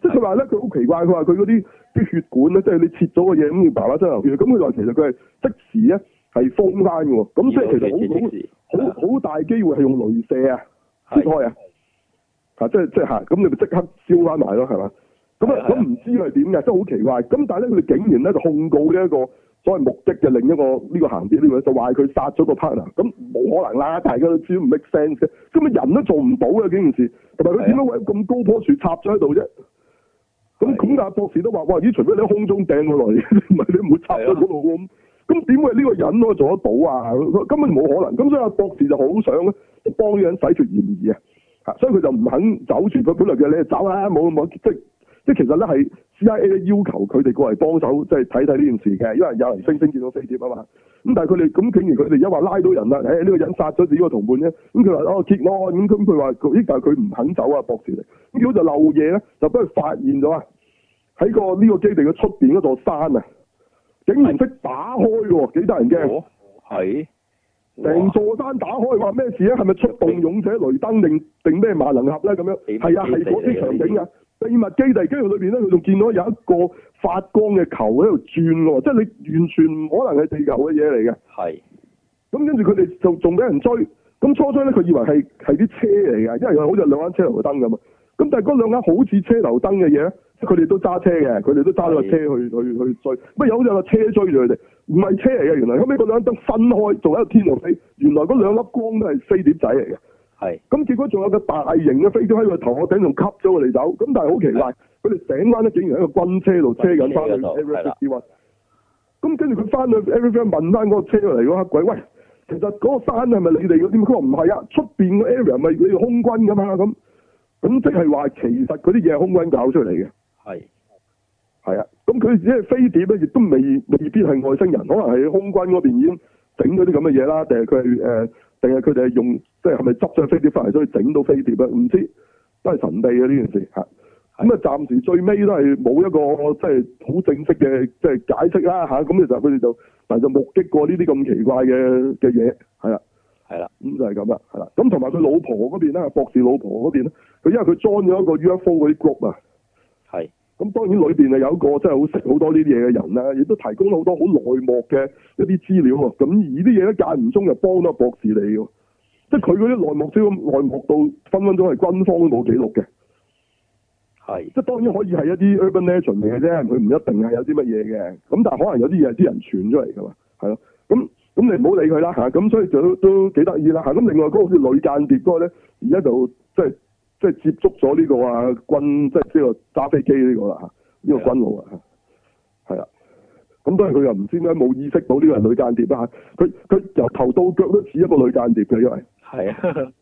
即係佢話咧，佢好奇怪，佢話佢嗰啲啲血管咧，即係你切咗個嘢，咁你爸爸真係。原來咁佢話，其實佢係即時咧係封翻喎。咁即係其實好好好大機會係用鐳射啊，切開啊，吓即係即係吓，咁你咪即刻燒翻埋咯，係嘛？咁啊，咁唔知係點嘅，真係好奇怪。咁但係咧，佢哋竟然咧就控告呢一個所謂目的嘅另一個呢、呢個行蹤，呢個就話佢殺咗個 partner。咁冇可能啦，大家都知唔 make sense 嘅。咁啊，人都做唔到嘅呢件事，同埋佢點解會咁高樖樹插咗喺度啫？咁咁、啊、但博士都話，喂，咦除非你喺空中掟落嚟，唔係你唔會插咗嗰度嘅。咁咁點會呢個人可以做得到啊？根本冇可能。咁所以阿博士就好想幫呢個人洗脫嫌疑啊。所以佢就唔肯走，住佢本來叫你走啦、啊，冇冇即即係其實咧係 C I A 要求佢哋過嚟幫手，即係睇睇呢件事嘅，因為有人星星見到飛碟啊嘛。咁、嗯、但係佢哋咁竟然佢哋而家話拉到人啦，誒、哎、呢、呢個人殺咗自己個同伴啫。咁佢話哦結案咁，咁佢話咦但係佢唔肯走啊，博住嚟。咁結果就漏嘢咧，就俾佢發現咗啊！喺個呢個基地嘅出邊嗰座山啊，竟然識打開喎，幾得人驚！係、哦，成座山打開，話咩事咧？係咪出動勇者雷登定定咩萬能俠咧？咁樣係啊，係嗰啲場景啊！秘密基地，基地裏邊咧，佢仲見到有一個發光嘅球喺度轉落，即係你完全唔可能係地球嘅嘢嚟嘅。係，咁跟住佢哋仲仲俾人追，咁初初咧佢以為係係啲車嚟嘅，因為好似兩盞車頭燈咁啊。咁但係嗰兩盞好似車頭燈嘅嘢，即係佢哋都揸車嘅，佢哋都揸咗個車去去去追，不過又好似有個車追住佢哋，唔係車嚟嘅，原來後尾嗰兩盞燈分開，仲喺度天龍飛，原來嗰兩粒光都係飛碟仔嚟嘅。係，咁結果仲有個大型嘅飛碟喺佢頭殼頂度，吸咗佢嚟走。咁但係好奇怪，佢哋醒翻咧竟然喺個軍車度車緊翻去。咁跟住佢翻去，everybody 問翻嗰個車嚟嗰黑鬼，喂，其實嗰個山係咪你哋嗰啲？佢話唔係啊，出邊嘅 area 咪佢哋空軍㗎嘛？咁咁即係話，其實嗰啲嘢係空軍搞出嚟嘅。係係啊，咁佢即係飛碟咧，亦都未未必係外星人，可能係空軍嗰邊已經整咗啲咁嘅嘢啦，定係佢係誒？呃定係佢哋係用，即係係咪執咗飛碟翻嚟所以整到飛碟咧？唔知都係神秘嘅呢件事嚇。咁啊、嗯，暫時最尾都係冇一個即係好正式嘅即係解釋啦嚇。咁其實佢哋就但就目擊過呢啲咁奇怪嘅嘅嘢係啦，係啦，咁、嗯、就係咁啦，係啦。咁同埋佢老婆嗰邊咧，博士老婆嗰邊咧，佢因為佢 join 咗一個 UFO 嘅 group 啊。咁當然裏面啊有一個真係好識好多呢啲嘢嘅人啦，亦都提供咗好多好內幕嘅一啲資料喎。咁而啲嘢咧間唔中就幫到博士你喎，即係佢嗰啲內幕超內幕到分分鐘係軍方都冇記錄嘅。係，即係當然可以係一啲 urban legend 嚟嘅啫，佢唔一定係有啲乜嘢嘅。咁但係可能有啲嘢啲人傳出嚟㗎嘛，係咯。咁咁你唔好理佢啦，吓，咁所以就都幾幾得意啦，吓，咁另外嗰啲女間諜嗰個咧，而家就即係。就是即係接觸咗呢個啊軍，即係呢、這個揸飛機呢個啦吓，呢、啊這個軍佬啊，係啊，咁都係佢又唔知點解冇意識到呢個係女間諜啊，佢佢由頭到腳都似一個女間諜嘅，因為係啊，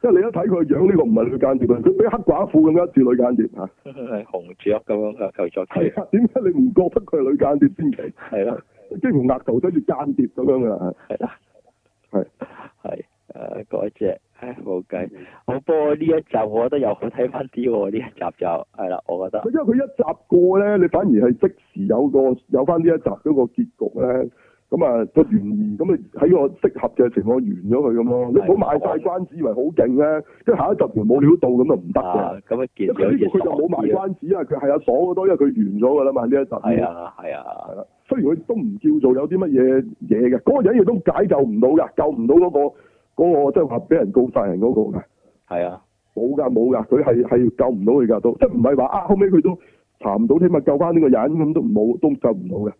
即係你一睇佢嘅樣呢、這個唔係女間諜啊，佢俾黑寡婦咁樣似女間諜啊，係紅雀咁樣嘅頭睇。點解你唔覺得佢係女間諜先奇？係啦，幾乎額頭寫似間諜咁樣啊，係 [laughs] 啦，係係誒只。冇計。我不過呢一集，我覺得又好睇翻啲喎。呢一集就係啦，我覺得。因為佢一集過咧，你反而係即時有個有翻呢一集嗰個結局咧，咁、嗯、啊，都、嗯、完。咁啊，喺個適合嘅情況完咗佢咁咯。你唔好賣晒關子，以、嗯、為好勁咧，即下一集完冇料到咁就唔得嘅。啊，咁啊，結呢個佢就冇賣關子啊，佢係有鎖好多，因為佢完咗噶啦嘛呢一集。係啊係啊，雖然佢都唔叫做有啲乜嘢嘢嘅，嗰、嗰個人亦都解救唔到噶，救唔到嗰個。嗰、那個即係話俾人告晒人嗰、那個係，係啊，啊，冇噶冇噶，佢係係救唔到佢噶都，即係唔係話啊後尾佢都查唔到，添啊，救翻呢個人咁都冇都救唔到㗎。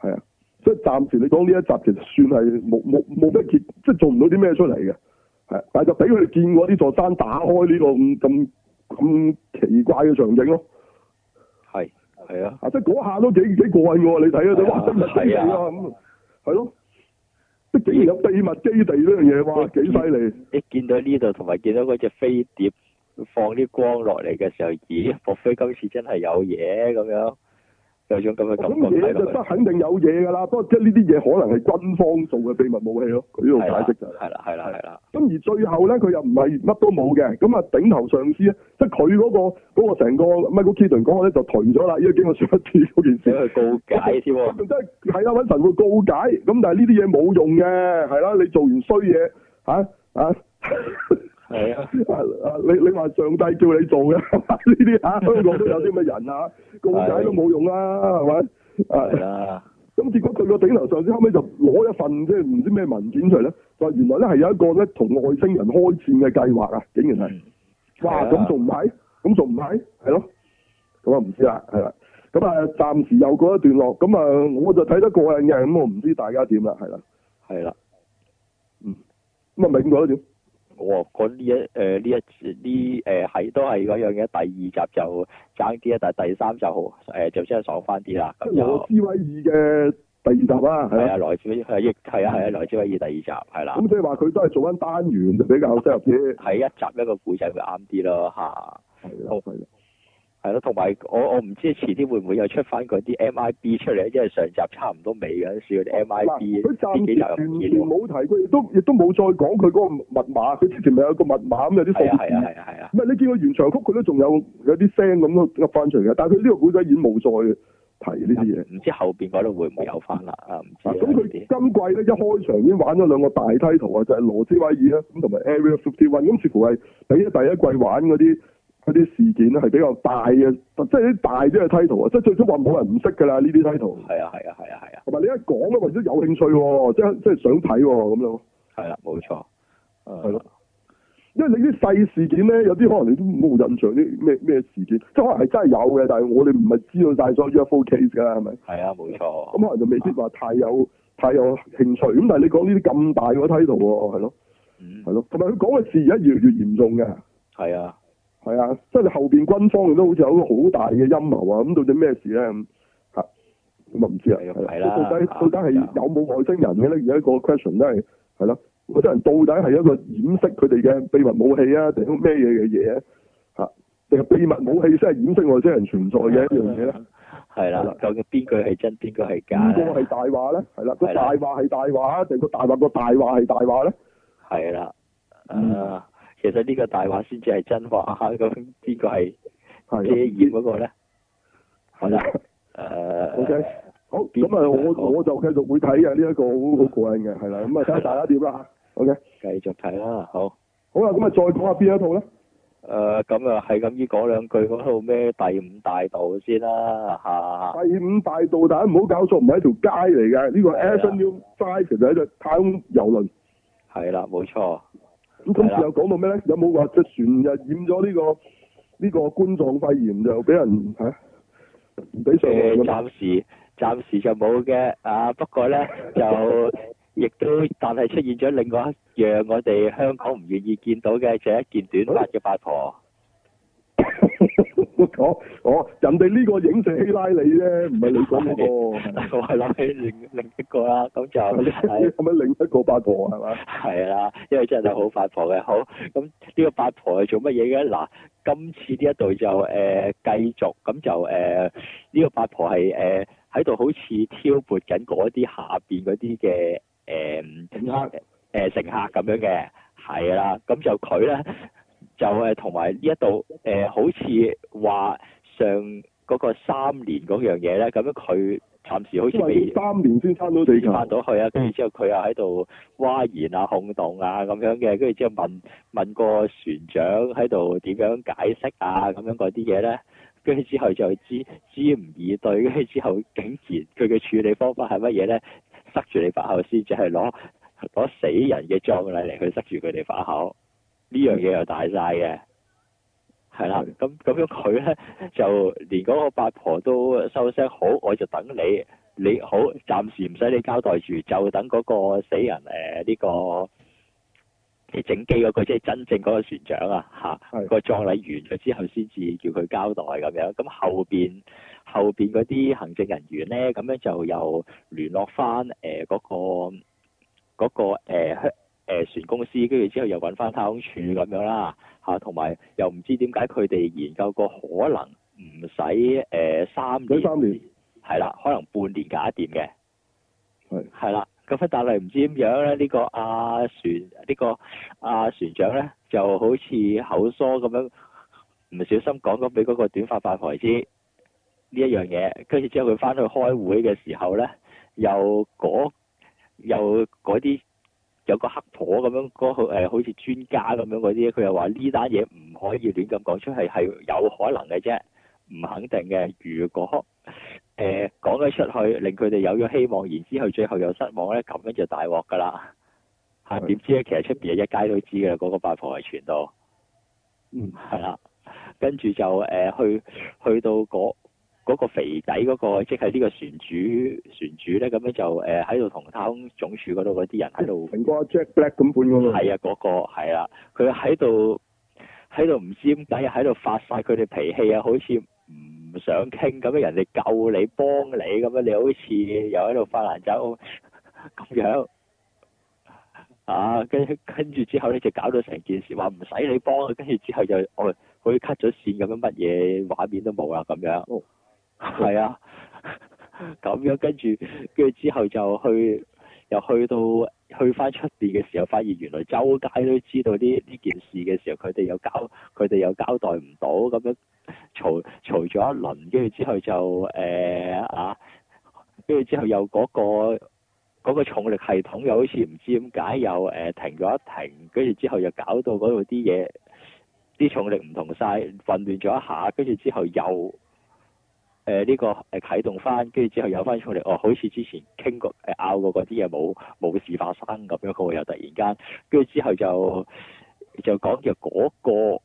係啊，所以暫時你講呢一集其實算係冇冇冇乜結，即係做唔到啲咩出嚟嘅，係、啊，但係就俾佢哋見過呢座山打開呢個咁咁咁奇怪嘅場景咯，係係啊，啊，即係嗰下都幾幾過癮你睇啊哇，哇真係啊咁，係咯。竟然有秘密基地呢樣嘢哇，幾犀利！你見到呢度同埋見到嗰隻飛碟放啲光落嚟嘅時候，咦？莫非今次真係有嘢咁樣？咁嘅咁嘢就得肯定有嘢噶啦，不過即係呢啲嘢可能係軍方做嘅秘密武器咯，佢呢度解釋就係，係啦，係啦，係啦。咁而最後咧，佢又唔係乜都冇嘅，咁啊頂頭上司咧，即係佢嗰個成、嗰個，個 Michael Keaton 講咧就退咗啦，因、嗯、為經過上一次嗰件事，去告解添喎，即係係啦，揾神會告解，咁但係呢啲嘢冇用嘅，係啦，你做完衰嘢嚇嚇。啊啊 [laughs] 係啊，啊，你你話上帝叫你做嘅呢啲吓，香港都有啲乜人啊？告解都冇用啊，係咪？啊？係啦。咁、啊啊、結果佢個頂頭上司後尾就攞一份即係唔知咩文件出嚟咧，話原來咧係有一個咧同外星人開戰嘅計劃啊！竟然係、啊，哇！咁仲唔係？咁仲唔係？係咯，咁啊唔知啦，係啦、啊。咁啊暫時又過一段落，咁啊我就睇得過癮嘅，咁我唔知大家點啦，係啦、啊，係啦、啊，嗯，咁啊明哥點？哇、哦！嗰呢一誒呢、呃、一呢誒係都係嗰樣嘅，第二集就爭啲啊，但係第三集好誒、呃，就真係爽翻啲啦。羅斯威爾嘅第二集啦，係啊，來自亦係啊係啊，羅斯、啊、威爾第二集係啦。咁即係話佢都係做翻單元比較適合啲。係一集一個故仔會啱啲咯，嚇、啊。係咯、啊。係咯，同埋我我唔知，遲啲會唔會又出翻嗰啲 MIB 出嚟，因為上集差唔多尾嗰陣時啲 MIB，幾集佢暫時冇提，佢亦都亦都冇再講佢嗰個密碼。佢之前咪有個密碼，咁有啲數字。係啊係啊係啊！唔係你見佢原唱曲，佢都仲有有啲聲咁咯，入翻出嚟。但係佢呢個古仔已經冇再提呢啲嘢，唔知後面嗰度會唔會有翻啦？啊，唔知咁佢今季咧、嗯、一開場已經玩咗兩個大梯圖啊，就係羅斯威爾啦，咁同埋 Area Fifty One。咁似乎係第一季玩嗰啲。嗰啲事件咧係比較大嘅，即係啲大啲嘅 title 啊，即係最初話冇人唔識㗎啦，呢啲 title，係啊，係啊，係啊，係啊。同埋你一講咧，或者有興趣、哦，即係即係想睇咁樣。係啦，冇、啊、錯，係咯、啊。因為你啲細事件咧，有啲可能你都冇印象啲咩咩事件，即係可能係真係有嘅，但係我哋唔係知道晒所有 UFO case 㗎，係咪？係啊，冇錯。咁、嗯、可能就未必話太有、啊、太有興趣，咁但係你講呢啲咁大個 title，係、嗯、咯，係咯、啊，同埋佢講嘅事而家越嚟越嚴重嘅。係啊。係啊，即係後邊軍方都好似有一個好大嘅陰謀啊！咁到底咩事咧？吓，咁啊唔知啊，啊，啊，到底到底係有冇外星人嘅咧？而家一個 question 都係係啦，外星人到底係一個掩飾佢哋嘅秘密武器啊，定咩嘢嘅嘢咧？吓、啊，定個秘密武器先係掩飾外星人存在嘅一樣嘢咧？係啦、啊啊啊啊，究竟邊個係真，邊個係假？邊個係大話咧？係啦、啊，個大話係大話，定個大話個大話係大話咧？係、啊、啦，係啊係啊係啊啊。其實呢個大話先至係真話，咁邊個係遮掩嗰個咧？係啦，誒，好咁啊、嗯 okay. 嗯 okay. 嗯，我我就繼續會睇嘅呢一個好好過癮嘅，係啦，咁啊睇下大家點啦吓，OK，繼續睇啦，好，好啦，咁啊再講下邊一套咧？誒、嗯，咁啊係咁依講兩句嗰套咩第五大道先啦吓。第五大道大家唔好搞錯，唔係一條街嚟嘅，呢、這個 Avenue 5，其實係隻太空遊輪。係啦，冇錯。咁今又講到咩咧？有冇話即係船日染咗呢、呢個呢、呢個冠狀肺炎就俾人嚇唔俾上岸嘅、呃？暫時暫時就冇嘅啊！不過咧就亦 [laughs] 都，但係出現咗另外一樣我哋香港唔願意見到嘅，就是、一件短髮嘅八婆。我 [laughs] 我、哦、人哋呢個影射希拉里啫，唔係你講嗰個。 [laughs] 我係諗起另另一個啦，咁就係咁樣另一個八婆係、啊、嘛？係啦， [laughs] 因為真係好八婆嘅。好，咁呢個八婆係做乜嘢嘅？嗱、啊，今次呢一度就誒繼、呃、續咁就誒呢、呃這個八婆係誒喺度好似挑撥緊嗰啲下邊嗰啲嘅誒乘客誒 [laughs] 乘客咁樣嘅，係啦，咁就佢咧。就係同埋呢一度誒，好似話上嗰個三年嗰樣嘢咧，咁樣佢暫時好似未三年先翻到地，翻到去啊！跟住之後佢又喺度嘩言啊、轟動啊咁樣嘅，跟住之後問問個船長喺度點樣解釋啊咁樣嗰啲嘢咧，跟住之後就知知唔以對，跟住之後竟然佢嘅處理方法係乜嘢咧？塞住你把口先，就係攞攞死人嘅葬禮嚟去塞住佢哋把口。呢樣嘢又大晒嘅，係啦，咁咁樣佢咧就連嗰個八婆都收聲。好，我就等你，你好，暫時唔使你交代住，就等嗰個死人誒呢、呃呢個啲整機嗰、嗰個即係、就是、真正嗰個船長啊嚇，嗰個葬禮完咗之後先至叫佢交代咁樣，咁後邊後邊嗰啲行政人員咧咁樣就又聯絡翻誒嗰個嗰、嗰個呃誒船公司，跟住之後又揾翻太空處咁樣啦，嚇、啊，同埋又唔知點解佢哋研究過可能唔使誒三年，三年，係啦，可能半年搞掂嘅，係，啦，咁但係唔知點樣咧？呢、這個阿、啊、船，呢、這個阿、啊、船長咧，就好似口疏咁樣，唔小心講咗俾嗰個短髮發財知呢一樣嘢，跟住之後佢翻去開會嘅時候咧，又又嗰啲。有個黑婆咁樣嗰、嗰個、呃、好似專家咁樣嗰啲，佢又話呢單嘢唔可以亂咁講出嚟，去，係有可能嘅啫，唔肯定嘅。如果誒講咗出去，令佢哋有咗希望，然之後最後又失望咧，咁樣就大鑊㗎啦。嚇點知咧？其實出邊一街都知嘅，嗰、嗰個八婆係傳到。嗯，係啦，跟住就誒、呃、去去到嗰。嗰、那個肥仔嗰、那個，即係呢個船主船主呢，咁樣就喺度同太空總署嗰度嗰啲人喺度，成個、啊、Jack Black 咁款㗎喎。係呀、啊，嗰、那個係啦，佢喺度喺度唔知點解喺度發晒佢哋脾氣啊，好似唔想傾咁樣，人哋救你幫你咁樣，你好似又喺度發爛渣咁樣、啊、跟住之後咧就搞到成件事，話唔使你幫佢，跟住之後就我佢 cut 咗線咁樣，乜嘢畫面都冇呀。咁樣。哦。係 [laughs] 啊，咁樣跟住，跟住之後就去，又去到去翻出面嘅時候，發現原來周街都知道啲呢件事嘅時候，佢哋又搞，佢哋又交代唔到，咁樣嘈嘈咗一輪，跟住之後就誒、欸、啊，跟住之後又嗰、嗰個嗰、嗰個重力系統又好似唔知點解又誒、呃、停咗一停，跟住之後又搞到嗰度啲嘢，啲重力唔同晒，混亂咗一下，跟住之後又。誒、呃、呢、呢個誒啟動翻，跟住之後有翻出嚟，哦，好似之前傾過誒拗過嗰啲嘢冇冇事發生咁樣，佢、會、又突然間，跟住之後就就講住嗰、嗰個誒、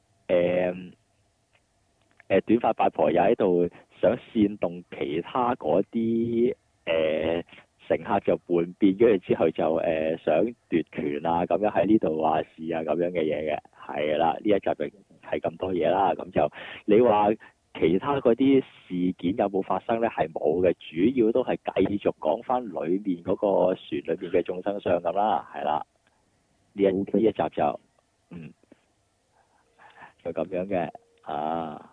呃、短髮八婆又喺度想煽動其他嗰啲誒乘客就叛變，跟住之後就誒、呃、想奪權啊，咁樣喺呢度話事啊，咁樣嘅嘢嘅，係啦，呢一集就係咁多嘢啦，咁就你話。其他嗰啲事件有冇發生咧？係冇嘅，主要都係繼續講翻裏面嗰個船裏面嘅眾生相咁啦，係啦。呢一呢一集就嗯就咁樣嘅啊，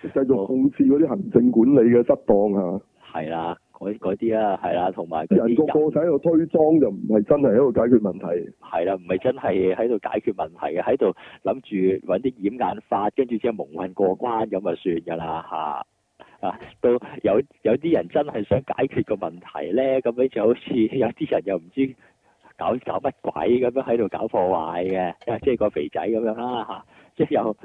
實際控制嗰啲行政管理嘅失當啊，係啦。是嗰啲嗰啲啦，係啦、啊，同埋啲人個個喺度推裝，就唔係真係喺度解決問題。係啦、啊，唔係真係喺度解決問題啊，喺度諗住揾啲掩眼法，跟住之後蒙混過關咁啊算㗎啦嚇。啊，都有有啲人真係想解決個問題咧，咁樣就好似有啲人又唔知搞搞乜鬼咁樣喺度搞破壞嘅、啊，即係個肥仔咁樣啦嚇、啊，即係有。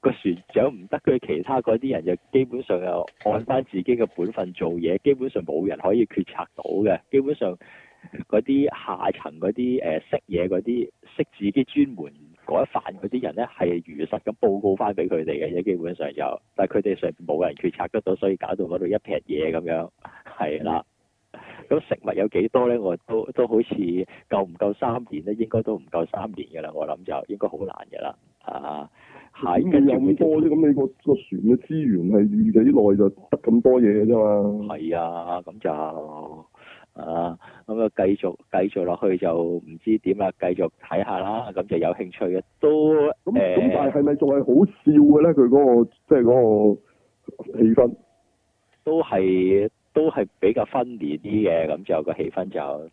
個船長唔得，佢其他嗰啲人就基本上又按翻自己嘅本分做嘢， [laughs] 基本上冇人可以決策到嘅。基本上嗰啲下層嗰啲誒識嘢嗰啲識自己專門嗰一範嗰啲人咧，係如實咁報告翻俾佢哋嘅，嘢基本上又，但係佢哋上冇人決策得到，所以搞到嗰度一撇嘢咁樣，係啦。咁 [laughs] 食物有幾多咧？我都都好似夠唔夠三年咧，應該都唔夠三年噶啦，我諗就應該好難噶啦，啊。睇咁，咁多啫？咁你個個船嘅資源係預幾耐就得咁多嘢嘅啫嘛。係啊，咁就啊，咁啊，繼續繼續落去就唔知點啦，繼續睇下啦。咁就有興趣嘅都誒。咁、欸、但係係咪仲係好笑嘅咧？佢嗰、嗰個即係嗰個氣氛，都係都係比較分裂啲嘅。咁就個氣氛就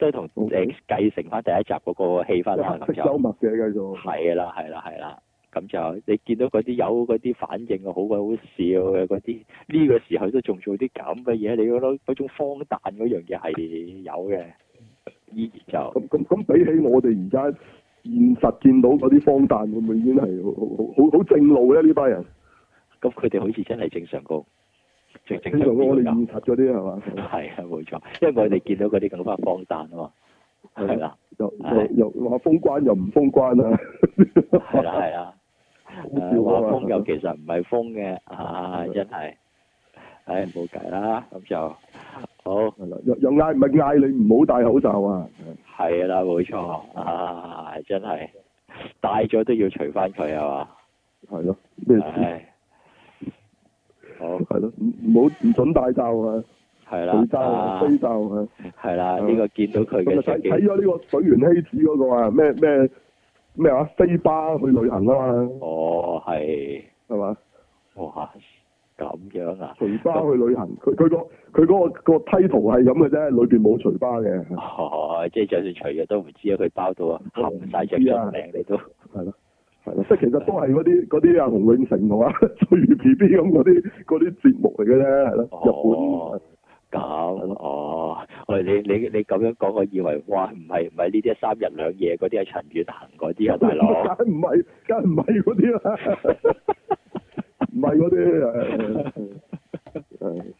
即係同誒繼承翻第一集嗰個氣氛啦。咁就幽默嘅，繼續係啦，係啦，係啦。咁就你見到嗰啲有嗰啲反應啊，好鬼好笑嘅嗰啲，呢個時候都仲做啲咁嘅嘢，你覺得嗰種荒誕嗰樣嘢係有嘅，依然就咁咁比起我哋而家現實見到嗰啲荒誕會唔會，已經係好好好正路咧呢班人。咁佢哋好似真係正常過，正常，正常我哋現實嗰啲係嘛？係 [laughs] [laughs] 啊，冇錯，因為我哋見到嗰啲更加荒誕啊嘛。係啦、啊啊啊啊啊啊啊，又又又話封關又唔封關啊。 [laughs] 係 [laughs] 啊。誒，話封又其實唔係封嘅。啊，真係，唉，冇計啦，咁就好。又嗌，唔係嗌你唔好戴口罩啊，係啦，冇錯，啊，真係戴咗都要除翻佢係嘛，係咯，咩事？好係咯，唔好唔准戴罩啊，係啦，水罩啊，飛罩啊，係啦，呢個見到佢嘅。睇咗呢個水原希子嗰個啊，咩咩？咩話？飛巴去旅行啊嘛！哦，係，係嘛？哇，咁樣啊！隨巴去旅行，佢 [laughs] 佢、嗰個佢梯圖係咁嘅啫，裏、嗰個嗰個、面冇隨巴嘅。哦，即係就算隨嘅都唔知，嗯、知啊，佢包到啊晒，著出你都係咯，係咯，即係其實都係嗰啲嗰啲啊洪永城同啊翠如 BB 咁嗰啲嗰啲節目嚟嘅啫，係咯、哦，日本。咁哦，我你你你咁樣講，我以為哇，唔係唔係呢啲三日兩夜嗰啲係陳宇衡嗰啲啊，大佬，梗唔係，梗唔係嗰啲啊，唔係嗰啲啊。 [laughs] [laughs] [laughs]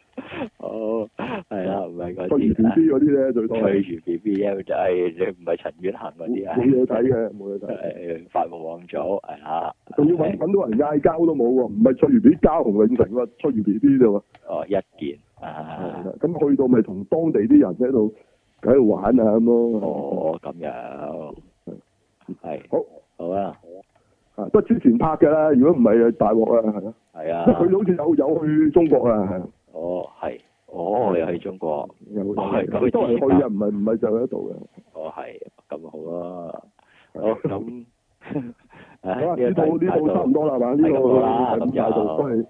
哦， [laughs] 係啊，唔係嗰啲，翠如 B B 嗰啲咧最多是，翠如 B B 咧就係你唔係陳婉恒嗰啲啊，冇嘢睇嘅，冇嘢睇，係發夢王祖，係啊，仲要揾、啊、到人嗌交都冇喎，唔係出完 B B 交洪永城喎，翠如 B B 啫喎，哦，一件，咁、啊啊、去到咪同當地啲人喺度喺度玩啊咁咯，哦、啊，咁、啊、樣，係，好，好啊，好啊，不係之前拍嘅啦，如果唔係大鑊啊，係咯，係啊，佢好似有有去中國啊。哦，係，哦，又喺中國，又係，佢都係去人，唔係唔係就喺度嘅。哦，係，咁、哦、好啦。好、哦，咁，好啦，呢套呢度差唔多啦，係嘛？呢套第五解道都係，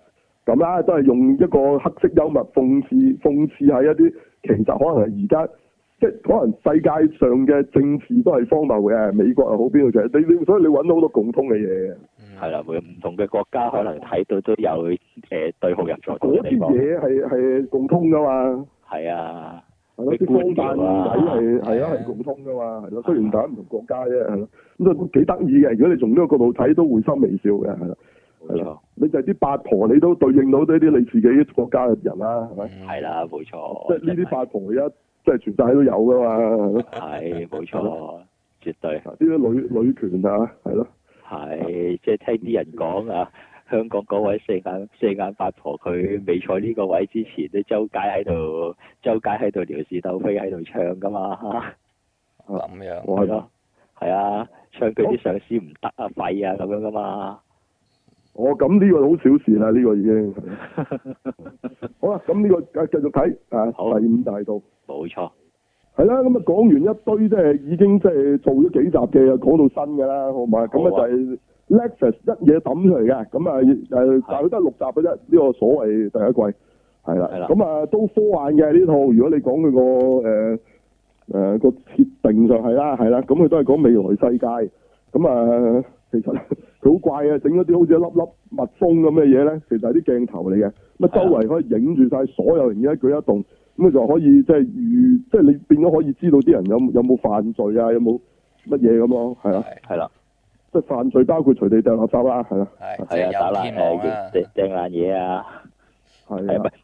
咁啦、嗯，都係用一個黑色幽默諷刺，諷刺係一啲其實可能係而家，即係可能世界上嘅政治都係荒謬嘅，美國又好，邊度就係你，你所以你揾到好多共通嘅嘢。係啦，會唔同嘅國家可能睇到都有誒對號入座嗰啲嘢，係、嗯、係、呃呃呃呃呃那個嗯、共通噶嘛。係啊，佢光大仔係係啊係、啊、共通噶嘛、啊，係咯、啊啊。雖然大家唔同國家啫，係咯、啊。咁就幾得意嘅，如果你從呢個角度睇，都會心微笑嘅，係啦、啊。係、嗯、啦、啊嗯，你就係啲八婆，你都對應到呢啲你自己國家嘅人啦、啊，係咪、啊？係、嗯、啦，冇錯、啊。即係呢啲八婆一，即係全世界都有噶嘛、啊，係咯、啊。冇錯、啊啊，絕對。呢啲女女權啊，係咯。係，即係聽啲人講啊，香港嗰位四眼四眼八婆，佢未坐呢個位之前，都周街喺度周街喺度撩事鬥非喺度唱噶嘛。諗、啊、樣？係、啊、咯，係啊，啊，啊，唱佢啲上司唔得啊，廢啊，咁樣噶嘛。哦，咁呢個好小事啦，呢個已經了 [laughs] [laughs] 好個、啊。好啦，咁呢個繼續睇啊，第五大道？冇錯。係啦，咁啊講完一堆，即係已經即係做咗幾集嘅，又講到新噶啦，好嘛？咁啊就係 Netflix 一嘢抌出嚟嘅，咁啊誒，但佢得六集嘅啫，呢、這個所謂第一季係啦，咁啊都科幻嘅呢套。如果你講佢個誒誒個設定就係啦，係啦，咁佢都係講未來世界。咁啊、呃，其實佢好怪嘅，整咗啲好似一粒粒蜜蜂咁嘅嘢咧，其實係啲鏡頭嚟嘅，咁啊周圍可以影住晒所有人嘅一舉一動。咁就可以即係預，即係你變咗可以知道啲人有有冇犯罪啊，有冇乜嘢咁咯，係啦、啊，係啦，即係犯罪包括隨地掟垃圾啦，係咯，係啊，打爛嘢啊，掟爛嘢啊，係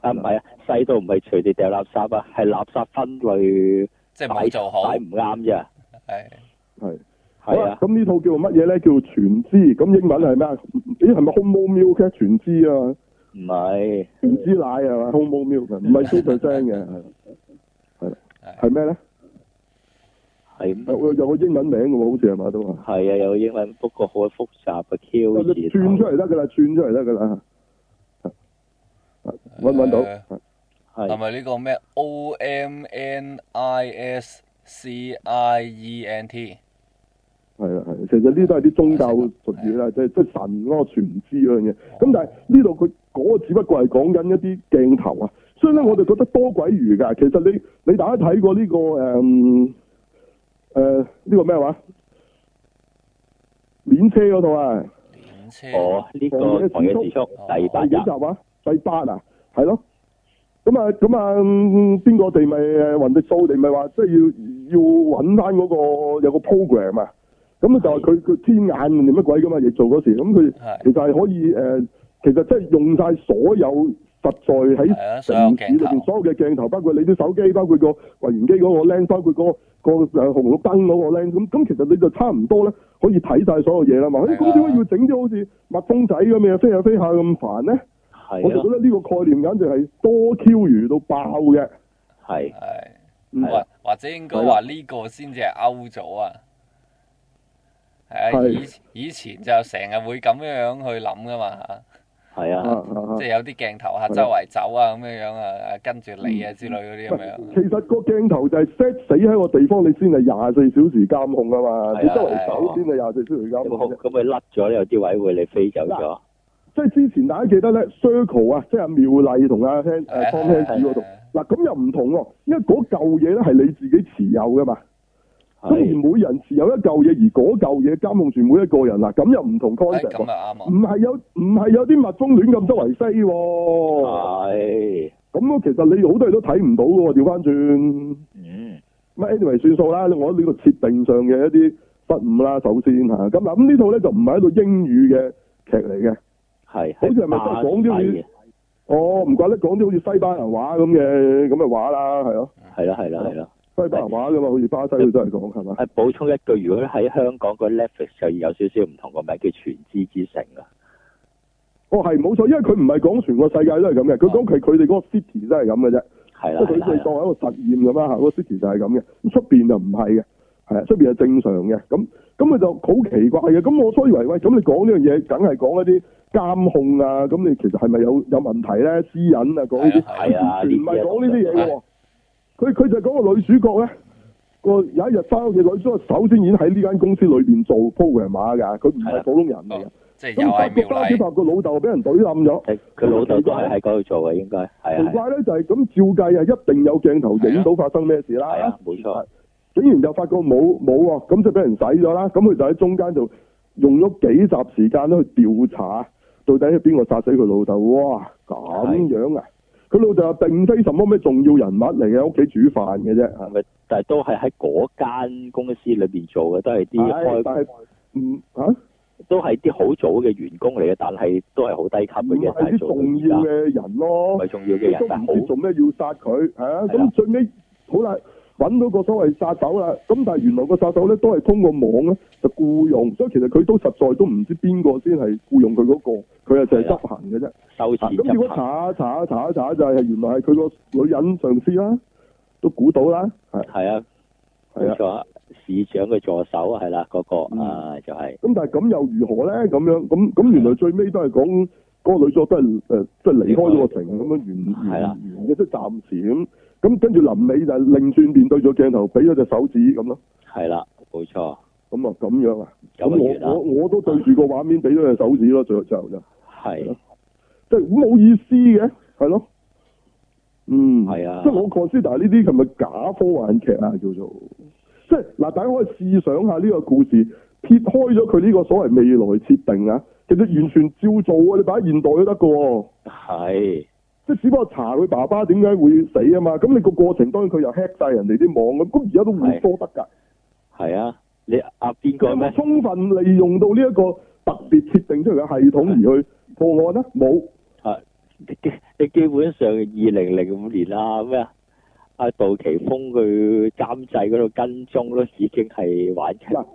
啊，唔係啊，西都唔係隨地掟垃圾啊，係垃圾分類，即係擺就好，擺唔啱啫，係係係啊，咁呢套叫做乜嘢咧？叫《全知》，咁英文係咩啊？咦，係咪《Home Alone》嘅《全知》啊？唔係唔知奶係嘛？Homemade 唔係 super fresh 嘅，係係咩咧？係 [laughs] 有有個英文名嘅喎，好似阿馬都話係啊，有個英文，不過好複雜嘅 Q 字。轉出嚟得噶啦，轉出嚟得噶啦。搵唔搵到？係咪呢個咩？O M N I S C I E N T 係啦係，其實呢都係啲宗教術語啦，即係即係神咯，全知嗰樣嘢。咁但係呢度佢。Oh. 我只不過係講緊一啲鏡頭啊，所以咧我哋覺得多鬼餘㗎。其實你你大家睇過呢、這個誒誒呢個咩話？綫車嗰套啊，綫車、啊、車哦，呢、這個黃野之畜第二八集啊、哦，第八啊，係咯。咁啊咁啊，邊、嗯、個哋咪雲地素哋咪話，即係要要揾翻嗰個有個 program 啊。咁啊就係佢佢天眼定乜鬼噶嘛、啊？逆做嗰時咁佢其實係可以誒。呃其實即係用晒所有實在喺城市裏邊所有嘅鏡，鏡頭，包括你啲手機，包括個櫃員機嗰個 Lens，包括、嗰個、嗰個紅綠燈嗰個 Lens，咁咁其實你就差唔多咧，可以睇晒所有嘢啦嘛。咁點解要整啲好似蜜蜂仔咁嘅飛下、啊、飛下、啊、咁、啊、煩咧、啊？我就覺得呢個概念簡直係多 Q 餘到爆嘅。係係，或、啊、或者應該話呢個先至係 out 咗啊。係、啊啊啊、以前以前就成日會咁樣樣去諗噶嘛。係啊，啊，即係有啲鏡頭啊，周圍走啊，咁樣樣啊，樣跟住你啊之類嗰啲咁樣。其實個鏡頭就係 set 死喺個地方，你先係廿四小時監控啊嘛。你、啊、周圍走先係廿四小時監控咁咪甩咗呢？有啲位會你飛走咗。即係之前大家記得咧，circle 啊，即係妙麗同阿聽誒湯漢斯嗰度。嗱咁又唔同喎，因為嗰嚿嘢咧係你自己持有噶嘛。雖然每人持有一嚿嘢，而嗰嚿嘢監控住每一個人啦，咁又唔同 concept，唔係有唔係有啲蜜蜂亂咁周圍飛喎。係。咁其實你好多人都睇唔到喎。調翻轉。嗯。乜 anyway 算數啦。我呢度設定上嘅一啲失誤啦。首先嚇。咁嗱，呢套咧就唔係一個英語嘅劇嚟嘅。係。好似係咪都講啲哦，唔怪得講啲好似西班牙話咁嘅咁嘅話啦，係咯、啊。係啦、啊，係啦、啊，係啦、啊。西班牙話噶嘛，好似巴西佢都係講係嘛？誒，補充一句，如果喺香港個 Netflix 就有少少唔同個名，不是叫全知之城啊。哦，係冇錯，因為佢唔係講全個世界都係咁嘅，佢講係佢哋嗰個 city 都係咁嘅啫。係啦。即係佢哋當係一個實驗咁啊，嗰、嗰個 city 就係咁嘅，咁出邊就唔係嘅。係啊，出邊係正常嘅。咁咁佢就好奇怪嘅。咁我所以話喂，咁你講呢樣嘢，梗係講一啲監控啊？咁你其實係咪有有問題咧？私隱啊，講呢啲係啊，唔係講呢啲嘢喎。佢佢就係嗰個女主角咧，個有一日翻屋企，女主角首先已經喺呢間公司裏邊做 programmer 嘅，佢唔係普通人嚟嘅、哦。即係咁發覺啦之後個老豆俾人懟冧咗。佢老豆都喺喺嗰度做嘅，應該係啊。奇怪咧，就係、是、咁照計啊，一定有鏡頭影到發生咩事啦。係啊，冇錯。竟然就發覺冇冇喎，咁就俾人洗咗啦。咁佢就喺中間就用咗幾集時間咧去調查到底係邊個殺死佢老豆。哇，咁樣啊！佢老豆並非什麼咩重要人物嚟嘅，屋企煮飯嘅啫，係咪？但係都係喺嗰間公司裏邊做嘅，都係啲開，班，吓、嗯啊，都係啲好早嘅員工嚟嘅，但係都係好低級嘅嘢。啲重要嘅人咯，唔係重要嘅人，你都唔知做咩要殺佢。咁、啊、最尾好啦。揾到個所謂殺手啦，咁但係原來個殺手咧，都係通過網咧就僱用，所以其實佢都實在都唔知邊個先係僱用佢嗰個，佢就係執行嘅啫。受咁。如果查下查下查一查就係原來係佢個女人上司啦，都估到啦。係啊，冇錯啊，市長嘅助手係啦，嗰、嗰個、嗯、啊就係、係。咁但係咁又如何咧？咁樣咁咁原來最尾都係講個女主都係誒，即、就、係、是、離開咗個城咁樣完完嘅，即係、就是、暫時咁。咁跟住臨尾就擰轉面對咗鏡頭，俾咗隻手指咁咯。係啦，冇錯。咁啊，咁樣啊。咁我我我都對住個畫面俾咗隻手指咯，最後最後就係咯。即係好冇意思嘅，係咯。嗯，係啊。即係我 consider 呢啲，係咪假科幻劇啊？叫做。即係嗱，大家可以試想下呢個故事，撇開咗佢呢個所謂未來設定啊，其實完全照做啊，你擺喺現代都得嘅喎。係。即係只不過查佢爸爸點解會死啊嘛，咁你個過程當然佢又吃晒人哋啲網咁，咁而家都唔多得㗎。係啊，你阿邊個咧？充分利用到呢一個特別設定出嚟嘅系統而去破案呢？冇係、啊，你基本上二零零五年啦，咩啊？阿、啊、杜琪峰佢監製嗰度跟蹤都已經係玩、啊、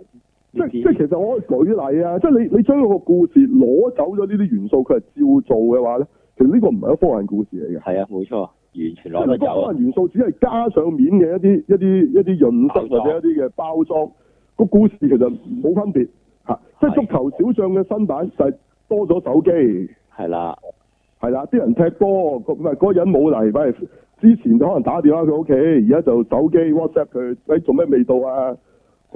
即即係其實我可以舉例啊，即係你你將個故事攞走咗呢啲元素，佢係照做嘅話咧。其實呢個唔係一科幻故事嚟嘅。係啊，冇錯，完全攞佢走。科幻元素只係加上面嘅一啲一啲一啲潤色或者一啲嘅包裝，包裝個故事其實冇分別。吓，即係足球小將嘅新版就多咗手機，係啦，係啦，啲人踢波，唔係嗰個人冇嚟，反而之前就可能打電話佢屋企，而家就手機 WhatsApp 佢，誒做咩未到啊？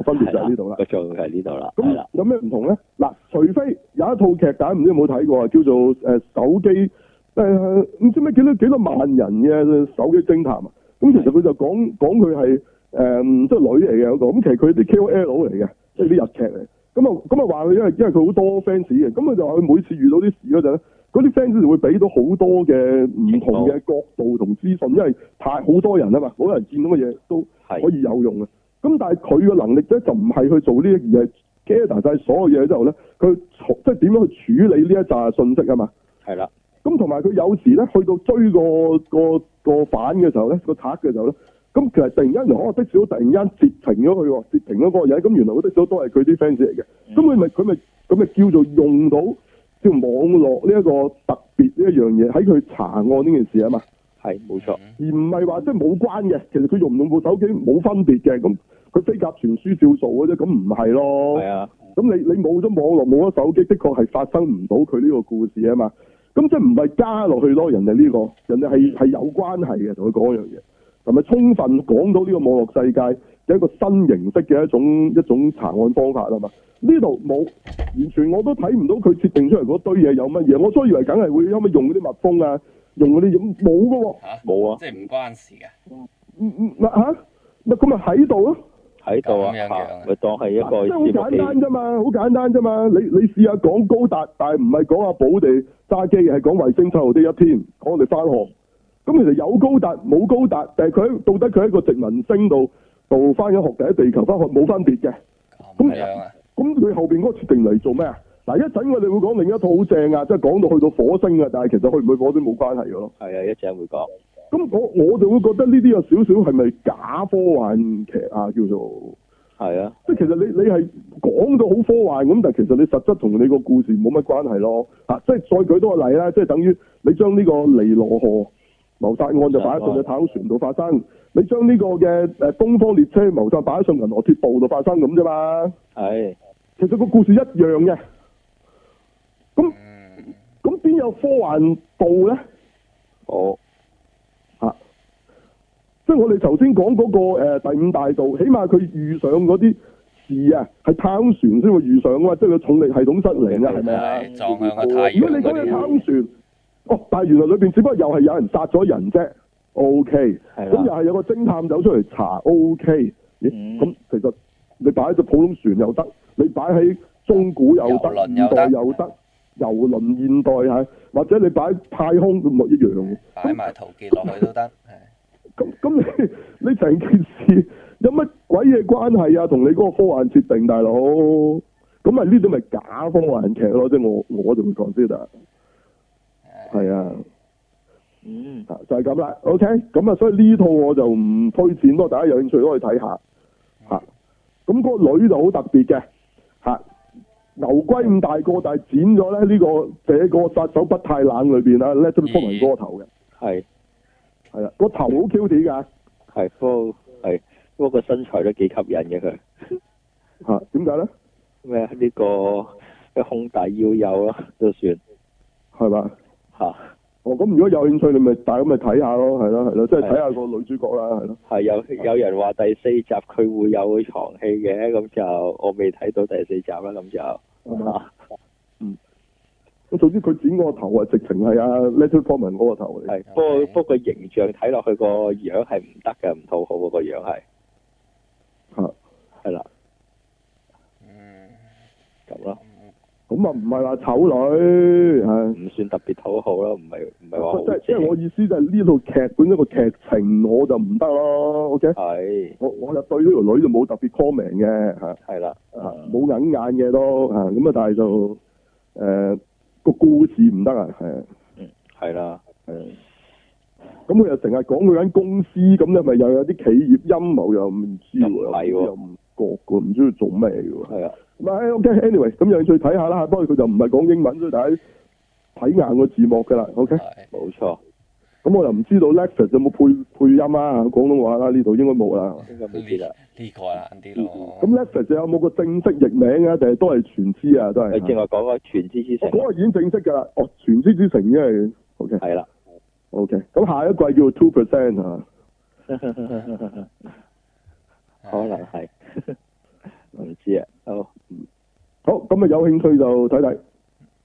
分別就喺呢度啦，就喺呢度啦。咁有咩唔同咧？嗱，除非有一套劇集唔知有冇睇過，叫做誒、呃、手機。誒、嗯，唔知咩幾多幾多萬人嘅手機偵探啊？咁其實佢就講講佢係誒即係女嚟嘅個，咁其實佢啲 K O L 嚟嘅，即係啲日劇嚟。咁啊咁啊話佢因為因為佢好多 fans 嘅，咁佢就話佢每次遇到啲事嗰陣咧，嗰啲 fans 就會俾到好多嘅唔同嘅角度同資訊，因為太好多人啊嘛，好多人見到嘅嘢都可以有用嘅。咁但係佢嘅能力咧就唔係去做呢一件嘢。gather 晒所有嘢之後咧，佢即係點樣去處理呢一紮信息啊嘛？係啦。咁同埋佢有時咧，去到追個個個反嘅時候咧，個賊嘅時候咧，咁其實突然間可來、啊、的士佬突然間截停咗佢喎，截停咗嗰個人，咁原來的士佬都係佢啲 fans 嚟嘅，咁佢咪佢咪咁咪叫做用到叫係網絡呢一個特別呢一樣嘢喺佢查案呢件事啊嘛，係冇錯，嗯、而唔係話即係冇關嘅，其實佢用唔用部手機冇分別嘅，咁佢飛鴿傳書照做嘅啫，咁唔係咯，係啊，咁你你冇咗網絡冇咗手機，的確係發生唔到佢呢個故事啊嘛。咁即係唔係加落去咯？人哋呢、呢個，人哋係係有關係嘅，同佢講嗰樣嘢，同埋充分講到呢個網絡世界有一個新形式嘅一種一種查案方法啦嘛。呢度冇，完全我都睇唔到佢設定出嚟嗰堆嘢有乜嘢。我所以以為梗係會因為用嗰啲蜜蜂啊，用嗰啲冇嘅喎，冇啊，啊，即係唔關事嘅。嗯咁咪喺度咯？喺度啊，嚇、啊，咪、啊啊啊、當係一個，真係好簡單啫嘛，好簡單啫嘛。你你試下講高達，但係唔係講下寶地。揸機係講衛星採河的一天，講我哋翻學。咁其實有高達冇高達，但係佢喺到底佢喺個殖民星度度翻咗學定喺地球翻學冇分別嘅。咁咁佢後邊嗰個設定嚟做咩？嗱，一陣我哋會講另一套好正啊，即係講到去到火星啊，但係其實去唔去火星冇關係嘅咯。係啊，一陣會講。咁我我就會覺得呢啲有少少係咪假科幻劇啊？叫做。係啊，即係其實你你係講到好科幻咁，但係其實你實質同你個故事冇乜關係咯，吓、啊，即係再舉多個例啦，即係等於你將呢個尼羅河謀殺案就擺喺上太空船度發生，啊、你將呢個嘅誒東方列車謀殺擺喺上銀河鐵道度發生咁啫嘛，係、啊，其實個故事一樣嘅，咁咁邊有科幻部咧？哦。即係我哋頭先講嗰個、呃、第五大道，起碼佢遇上嗰啲事啊，係沉船先會遇上噶嘛，即係佢重力系統失靈呀，係咪啊？撞向個太陽嗰啲嘢。如果你講嘅沉船，哦，但係原來裏邊只不過又係有人殺咗人啫。O K，咁又係有個偵探走出嚟查。O K，咁其實你擺喺隻普通船又得，你擺喺中古又得，現代又得，遊輪現代係，或者你擺太空，咁，唔一樣擺埋陶傑落去都得。嗯 [laughs] 咁咁你你成件事有乜鬼嘢關係啊？同你嗰個科幻設定，大佬咁啊呢啲咪假科幻劇咯，即係我我就會講先得，係啊，嗯啊就係咁啦。OK，咁啊所以呢套我就唔推薦咯，大家有興趣都可以睇下嚇。咁、啊個女就好特別嘅嚇、啊，牛龜咁大個，但係剪咗咧呢個這個殺手不太冷裡面、嗯、裏面啦，甩咗樖人歌頭頭嘅。係。係啦，個頭好 Q 啲㗎，係，係、哦，不過個身材都幾吸引嘅佢。吓、啊，點解咧？咩？呢、這個胸大腰有咯，都算。係嘛？吓、啊，哦，咁如果有興趣，你咪大咁咪睇下咯，係咯係咯，即係睇下個女主角啦，係咯。係有有人話第四集佢會有個床戲嘅，咁就我未睇到第四集啦，咁就、啊咁總之佢剪個頭，個頭、okay. 啊，直情係啊，little common 嗰個頭係。不過不過個形象睇落去個樣係唔得嘅，唔討好個樣係。吓，係啦，嗯，咁啦咁啊，唔係話醜女，唔算特別討好啦，唔係唔係話即係我意思就係呢套劇，本身、這個劇情我就唔得咯。O K 係。我我就對呢個女就冇特別 comment 嘅吓。係啦，冇眼眼嘅咯，咁啊，但係就誒。呃個故事唔得啊，係啊，嗯，係啦，誒，咁佢又成日講佢間公司，咁咧咪又有啲企業陰謀又唔知又唔係喎，又唔覺噶，唔知佢做咩噶喎，係啊，唔係，OK，anyway，、okay, 咁又再睇下啦，不過佢就唔係講英文，都睇睇硬個字幕噶啦，OK，冇錯。咁、嗯、我又唔知道 Lexus 有冇配配音啊？廣東話啦，呢度應該冇啦。呢個啊，呢個咁 Lexus 有冇個正式譯名啊？定係都係全知啊？都係。你正話講個全知之城。嗰、哦嗰個已經正式㗎啦。哦，全知之城啫，係、OK。O K。係啦。O K。咁下一季叫 Two Percent 啊。 [laughs] [laughs] [laughs] [laughs] 可能係是。唔 [laughs] [laughs] 知道啊。好。好，咁啊有興趣就睇睇。